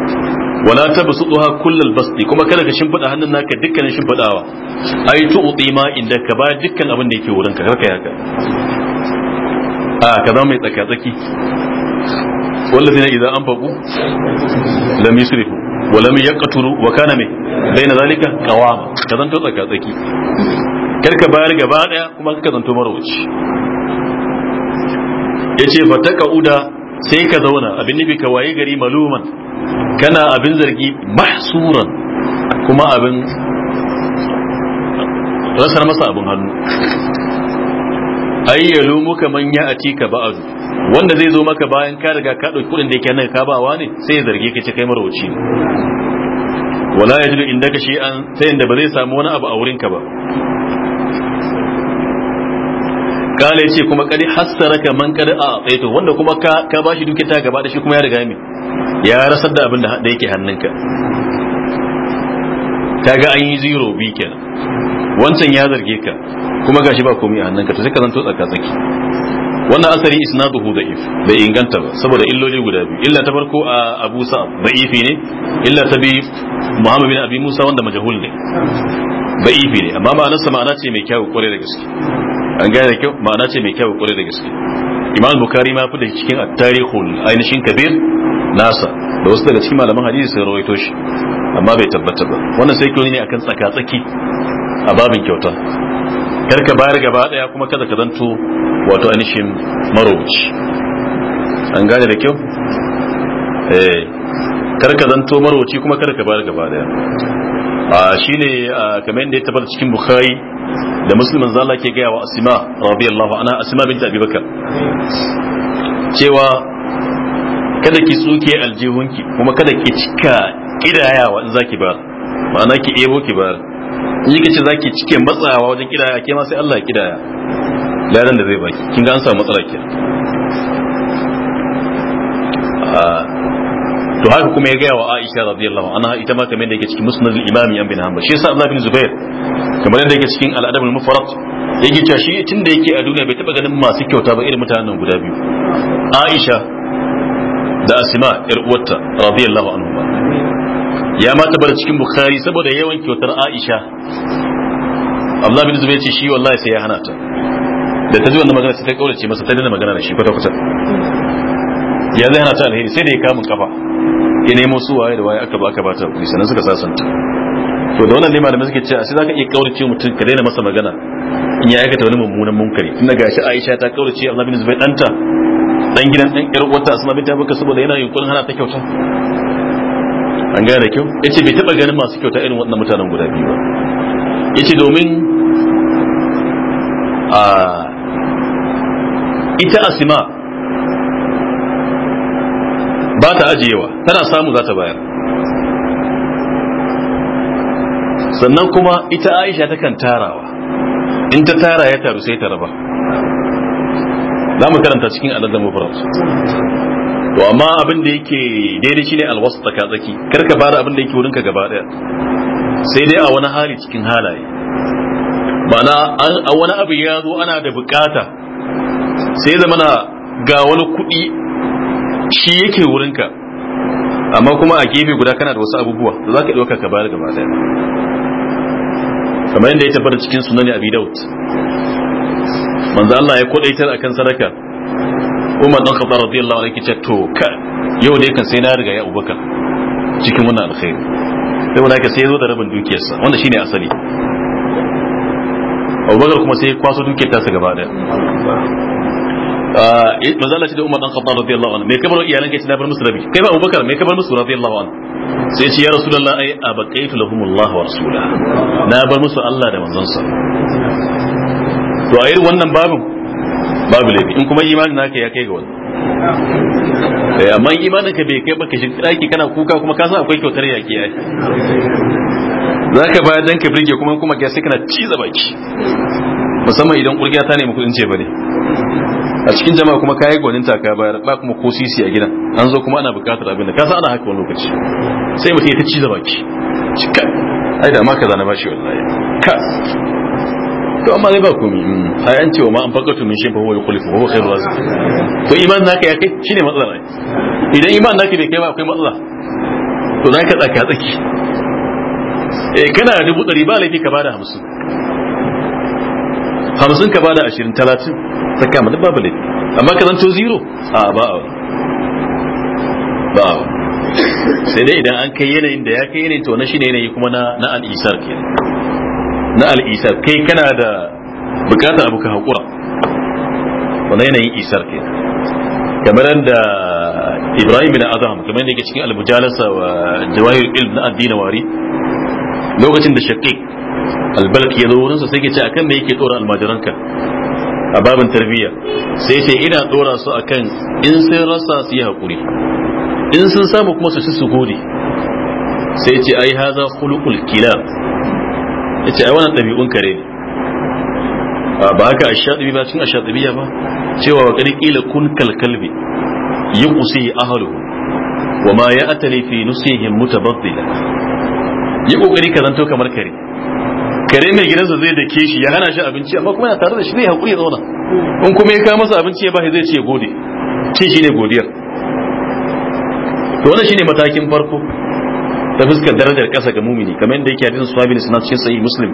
wala tabsutuha kullal basti kuma kada ka shimfida hannun naka dukkanin shimfidawa ai tu'ti ma inda ka ba dukkan abin da yake wurin ka karka yaka a ka zama mai tsaka tsaki والذين إذا أنفقوا لم يسرفوا ولم يقتلوا وكان من بين ذلك قواما كذا أنت tsaki karka bayar gaba daya kuma ka zanto marwaci yace fa taqauda sai ka zauna abin nufi ka waye gari maluman kana abin zargi mahsuran kuma abin rasar masa abin hannu ai ya lumu kaman ya ati ka ba'adu wanda zai zo maka bayan ka riga ka ɗauki kuɗin da yake nan ka ba sai ya zarge ka ce kai marauci wala ya jidu inda ka shi an ta da ba zai samu wani abu a wurinka ba kala yace kuma kadi hasaraka man kadi a to wanda kuma ka ka bashi duke ta gaba da shi kuma ya riga mi ya rasar da abin da da yake hannunka ta ga an yi zero bi kenan wancan ya zarge ka kuma gashi ba komai a hannunka to sai ka zanto tsaka tsaki wannan asari isnaduhu da'if bai inganta ba saboda illoli guda biyu illa ta farko a Abu sa da'ifi ne illa ta bi Muhammad bin Abi Musa wanda majahul ne da'ifi ne amma ma'anarsa ma'ana ce mai kyau kware da gaske an gane da kyau ma'ana ce mai kyau kure da gaske imam bukari ma fi da cikin tarihul ainihin kabir nasa da wasu daga cikin malaman hadisi sun rawaito shi amma bai tabbata ba wannan sai kyau ne akan tsaka tsaki a babin kyauta karka bayar gaba daya kuma kada ka zanto wato ainihin marubuci an gane da kyau eh karka zanto marubuci kuma kada ka bayar gaba daya ne kamar yadda ya tabbata cikin bukhari da musulman za ke gaya wa asima radiyallahu ana asima tabi baka cewa kada ki tsuke aljihunki kuma kada ki cika kidayawa in zaki ba ma'ana ki ebo ki ba in kika za zaki cike matsawa wajen kidaya ke ma sai Allah ya kidaya ladan da zai baki kin ga an samu matsala kenan to haka kuma ya gaya wa Aisha radiyallahu anha ita ma kamar da yake cikin musnad al-Imam Ibn Hanbal shi yasa Abdullah bin Zubair kamar da yake cikin al-Adab al-Mufrad yake cewa shi tunda yake a duniya bai taba ganin masu kyauta ba irin mutanen guda biyu Aisha da Asma yar uwarta radiyallahu anha ya ma taba da cikin Bukhari saboda yawan kyautar Aisha Abdullah bin Zubair ce shi wallahi sai ya hana ta da ta ji wannan magana sai ta kaurace masa ta dana magana da shi kwata kwata ya zai hana ta alheri sai da ya kamun kafa ya nemo su waye da waye aka ba aka ta kuɗi sannan suka sasanta to da wannan limar da suke cewa sai zaka iya kaurace mutum ka daina masa magana in ya aikata wani mummunan munkari tunda gashi Aisha ta kaurace Allah bin Zubair danta dan gidan dan yar uwarta Asma bin Abubakar saboda yana yunkurin hana ta kyauta an gane kyau yace bai taba ganin masu kyauta irin waɗannan mutanen guda biyu ba yace domin a ita Asma ba ta ajiyewa tana samu za ta bayar sannan kuma ita aisha takan tarawa in ta tara ya taru sai ta raba za mu karanta cikin adadin mufrad to amma abin da yake daidai shine alwasu tsaka tsaki kar ka abin da yake wurinka gaba daya sai dai a wani hali cikin halaye ma'ana a wani abu ya zo ana da bukata sai zama na ga wani kuɗi shi yake wurinka amma kuma a gefe guda kana da wasu abubuwa da za ka ɗauka ka bayar gaba ɗaya kamar yadda ya tabbata cikin sunan abi daud manzo Allah ya kodaitar akan sadaka Umar dan Khattab radiyallahu anhu yake to ka yau dai kan sai na riga ya Abubakar cikin wannan alkhairi sai wanda ka sai zo da rabin dukiyarsa wanda shine asali Abubakar kuma sai ya kwaso dukiyar tasa gaba daya Eh, eh, Maza Allah ce da Umar dan Khattab radiyallahu anhu me kabar iyalan kai da bar musu rabi kai ba Abubakar me kabar musu radiyallahu anhu sai ce ya Rasulullah ai abaqaitu lahumullah wa rasula na bar musu Allah da manzon sa to a irin wannan babin babu laifi in kuma imanin naka ya kai ga wani eh, amma imanin ka bai kai ba ka shi daki kana kuka kuma ka san akwai kyautar yaki ai za ka bayar dan ka birge kuma kuma ka sai kana ciza baki musamman idan kurgiya ta nemi kudin ce bane a cikin jama'a kuma kayi gwanin taka bayar ba kuma ko sisi a gidan an zo kuma ana bukatar abin da kasa ana haka wani lokaci sai mutum ya ta ciza baki cika ai da ma ka zana bashi wallahi ka to amma zai ba komi hmm. ai an cewa ma an fakatu shi shin fa huwa yukhlifu huwa khairu razik to iman naka ya kai shine matsala idan iman naka bai kai ba akwai matsala to zaka tsaka tsaki eh kana da dubu 100 ba laifi ka bada hamsin hamsin ka bada ashirin talatin ta kama duk babu laifi amma ka zanto zero a ba a ba sai dai idan an kai yanayin da ya kai yanayin to na shi ne yanayi kuma na al'isar ke na al'isar kai kana da bukatar abu ka haƙura wani yanayin isar ke kamar da ibrahim bin azam kamar da yake cikin almujalasa wa jawahir ilm na addini wari lokacin da shakki albalki ya zo wurinsa sai ke ce akan me yake dora almajiranka a babin tarbiyya sai ce ina dora su akan in sun rasa su yi hakuri in sun samu kuma su ci su gode sai ce ai haza khuluqul kilab yace ai wannan dabi'un kare ne ba haka ashadi ba cin ashadi ba cewa wa kadi kila kun kalkalbi yunqusi ahlu wa ma ya'tali fi nusihim mutabaddila yi kokari ka zanto kamar kare kare mai gidansa zai dake shi ya hana shi abinci amma kuma yana tare da shi zai hakuri ya zauna hmm. in kuma ya kawo masa abinci ya ba zai ce gode ce ne godiyar to wannan shine matakin farko ta fuskar darajar kasa ga mumini kamar yadda yake hadisin sahabi suna cikin sahih muslim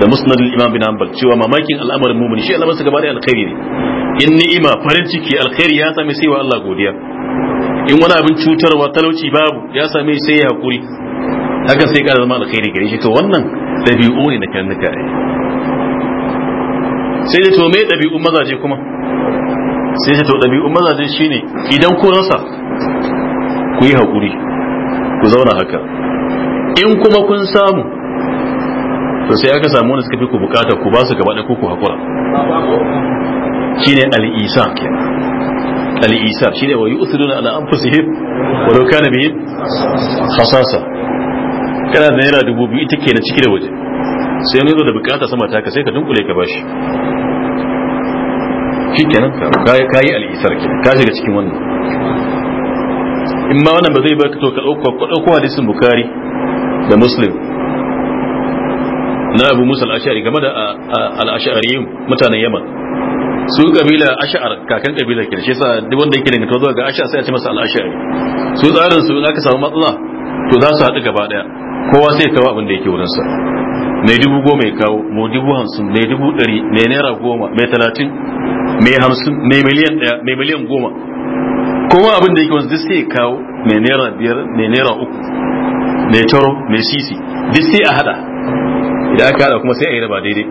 da musnad al-imam bin hanbal cewa mamakin al'amarin mumini shi al'amarin gaba da alkhairi ne in ni'ima farin ciki alkhairi ya same sai wa Allah godiya in wani abin cutarwa talauci babu ya same sai ya hakuri hakan sai ka zama alkhairi gare shi to wannan dabi'u ne na karnuka ai sai da to me dabi'u mazaje kuma sai da to dabi'u mazaje shine idan ku rasa ku yi hakuri ku zauna haka in kuma kun samu to sai aka samu wanda suka fi ku bukata ku ba su gaba da ku ku hakura shine al-isa kenan al'isar shi ne wa yi usulun ala an wa lauka na bihim khasasa kana da naira dubu biyu ita ke na ciki da waje sai wani zo da bukata sama ta ka sai ka dunkule ka bashi shi kenan ka yi al'isar ke ka shiga cikin wannan in ma wannan ba zai baka to ka ɗauko hadisin bukari da muslim na abu musa al'ashari game da al'ashari mutanen yaman su kabila ash'ar kakan kabila ke shi yasa duk wanda yake dangantawa zuwa ga ash'ar sai a ce masa al'ashari su tsarin su in aka samu matsala to za su haɗu gaba daya kowa sai kawo abin da yake wurinsa mai dubu goma ya kawo mai dubu hamsin mai dubu ɗari mai naira goma mai talatin mai hamsin mai miliyan ɗaya mai miliyan goma kowa abin da yake wurinsa duk sai ya kawo mai naira biyar mai naira uku mai taro mai sisi duk sai a hada idan aka hada kuma sai a yi raba daidai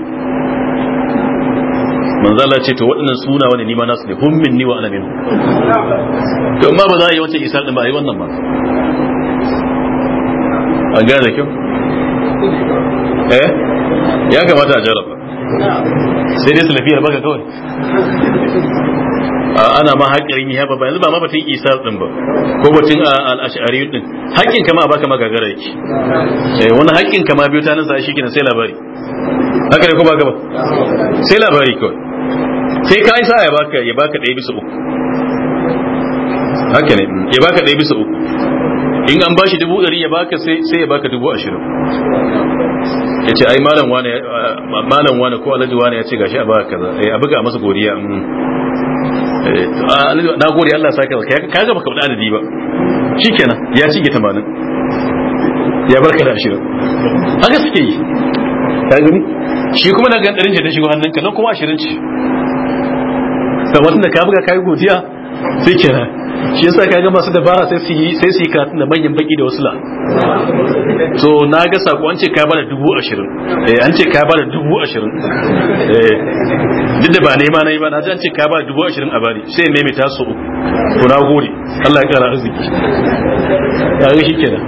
manzala ce to waɗannan suna wani nima nasu ne hummin minni wa ana minhu to amma ba za a yi wancan isar ɗin ba a yi wannan ba an gane da kyau eh ya kamata a jarraba sai dai salafiyar baka kawai ana ma haƙƙin ya ba yanzu ba ma batun isa din ba ko batun al'ashari din haƙƙin kama baka magagara yake eh, wani haƙƙin kama biyu ta nasa shi kenan sai labari haka ne ko baka ba sai labari kawai sai ka isa ya baka ya baka ɗaya bisa uku haka ne ya baka ɗaya bisa uku in an bashi dubu ɗari ya baka sai ya baka dubu ashirin ya ce ai malam wane ko alhaji wane ya ce gashi a baka kaza eh, a buga masa godiya mm. eh, na gode Allah sa kaza ka gaba ka adadi ba shi kenan ya ci gita manin ya bar kada ashirin haka suke yi ta gani shi kuma na gan ɗarin ce ta shigo hannunka nan kuma ashirin ce da wasu da ka buga ka yi godiya sai kenan shi yasa ga masu dabara sai su yi sai su yi karatun da manyan baki da wasula to na ga sako an ce ka bada dubu ashirin eh an ce ka bada dubu ashirin eh duk da ba nema na yi ba na ji an ce ka bada dubu ashirin a bari sai ne mai taso to na gode Allah ya kara arziki yi shi kenan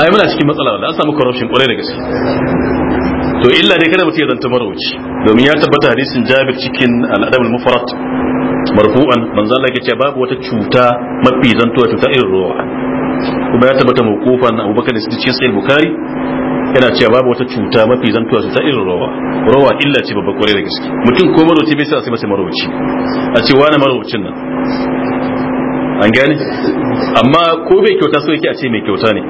ai muna cikin matsala da an samu corruption kwarai da gaske to illa dai kada mutum ya zanta marauci domin ya tabbata hadisin jabir cikin al'adab al-mufrad marfu'an manzo Allah yake babu wata cuta mafi zantuwa cuta irin ruwa kuma ya tabbata mawqufan Abubakar da cikin sai Bukhari yana cewa babu wata cuta mafi zantuwa cuta irin ruwa ruwa illa ce babba kwarai da gaske mutum ko maroci bai sa sai masa marauci. a ce wani marocin nan an gane amma ko bai kyauta so yake a ce mai kyauta ne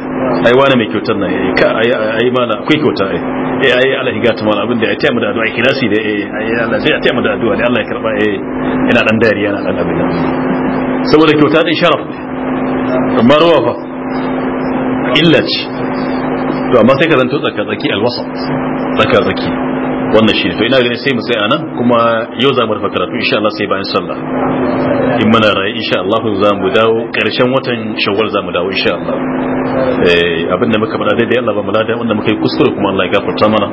ai wani mai kyautar na yayi eh, ka ai ai mana akwai kyauta ai eh ai Allah ya gata mana abinda ya taya mu da addu'a kirasi da eh ai Allah sai ya taya mu da addu'a da Allah ya karba eh ina dan dariya na dan abin saboda kyauta din sharaf amma ruwa fa illa ce to amma sai ka zanto tsaka tsaki alwasa tsaka tsaki wannan shi to ina ganin sai mu sai anan kuma yau za mu rufe karatu insha Allah sai bayan sallah in muna raye insha Allah za mu dawo karshen watan shawwal za mu dawo insha Allah eh abinda muka faɗa daidai Allah ba mu lada wanda muka yi kuskure kuma Allah ya gafarta mana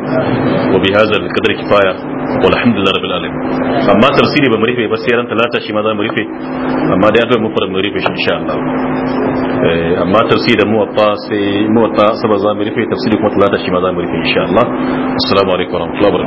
wa bi hadzal qadri kifaya wa alhamdulillah rabbil alamin amma tafsiri ba mu rufe ba sai ran talata shi ma za mu rufe amma dai akwai mu fara mu rufe shi insha Allah eh amma tafsiri da wata sai mu wata sabar za mu rufe tafsiri kuma talata shi ma za mu rufe insha Allah assalamu alaikum wa rahmatullahi wa barakatuh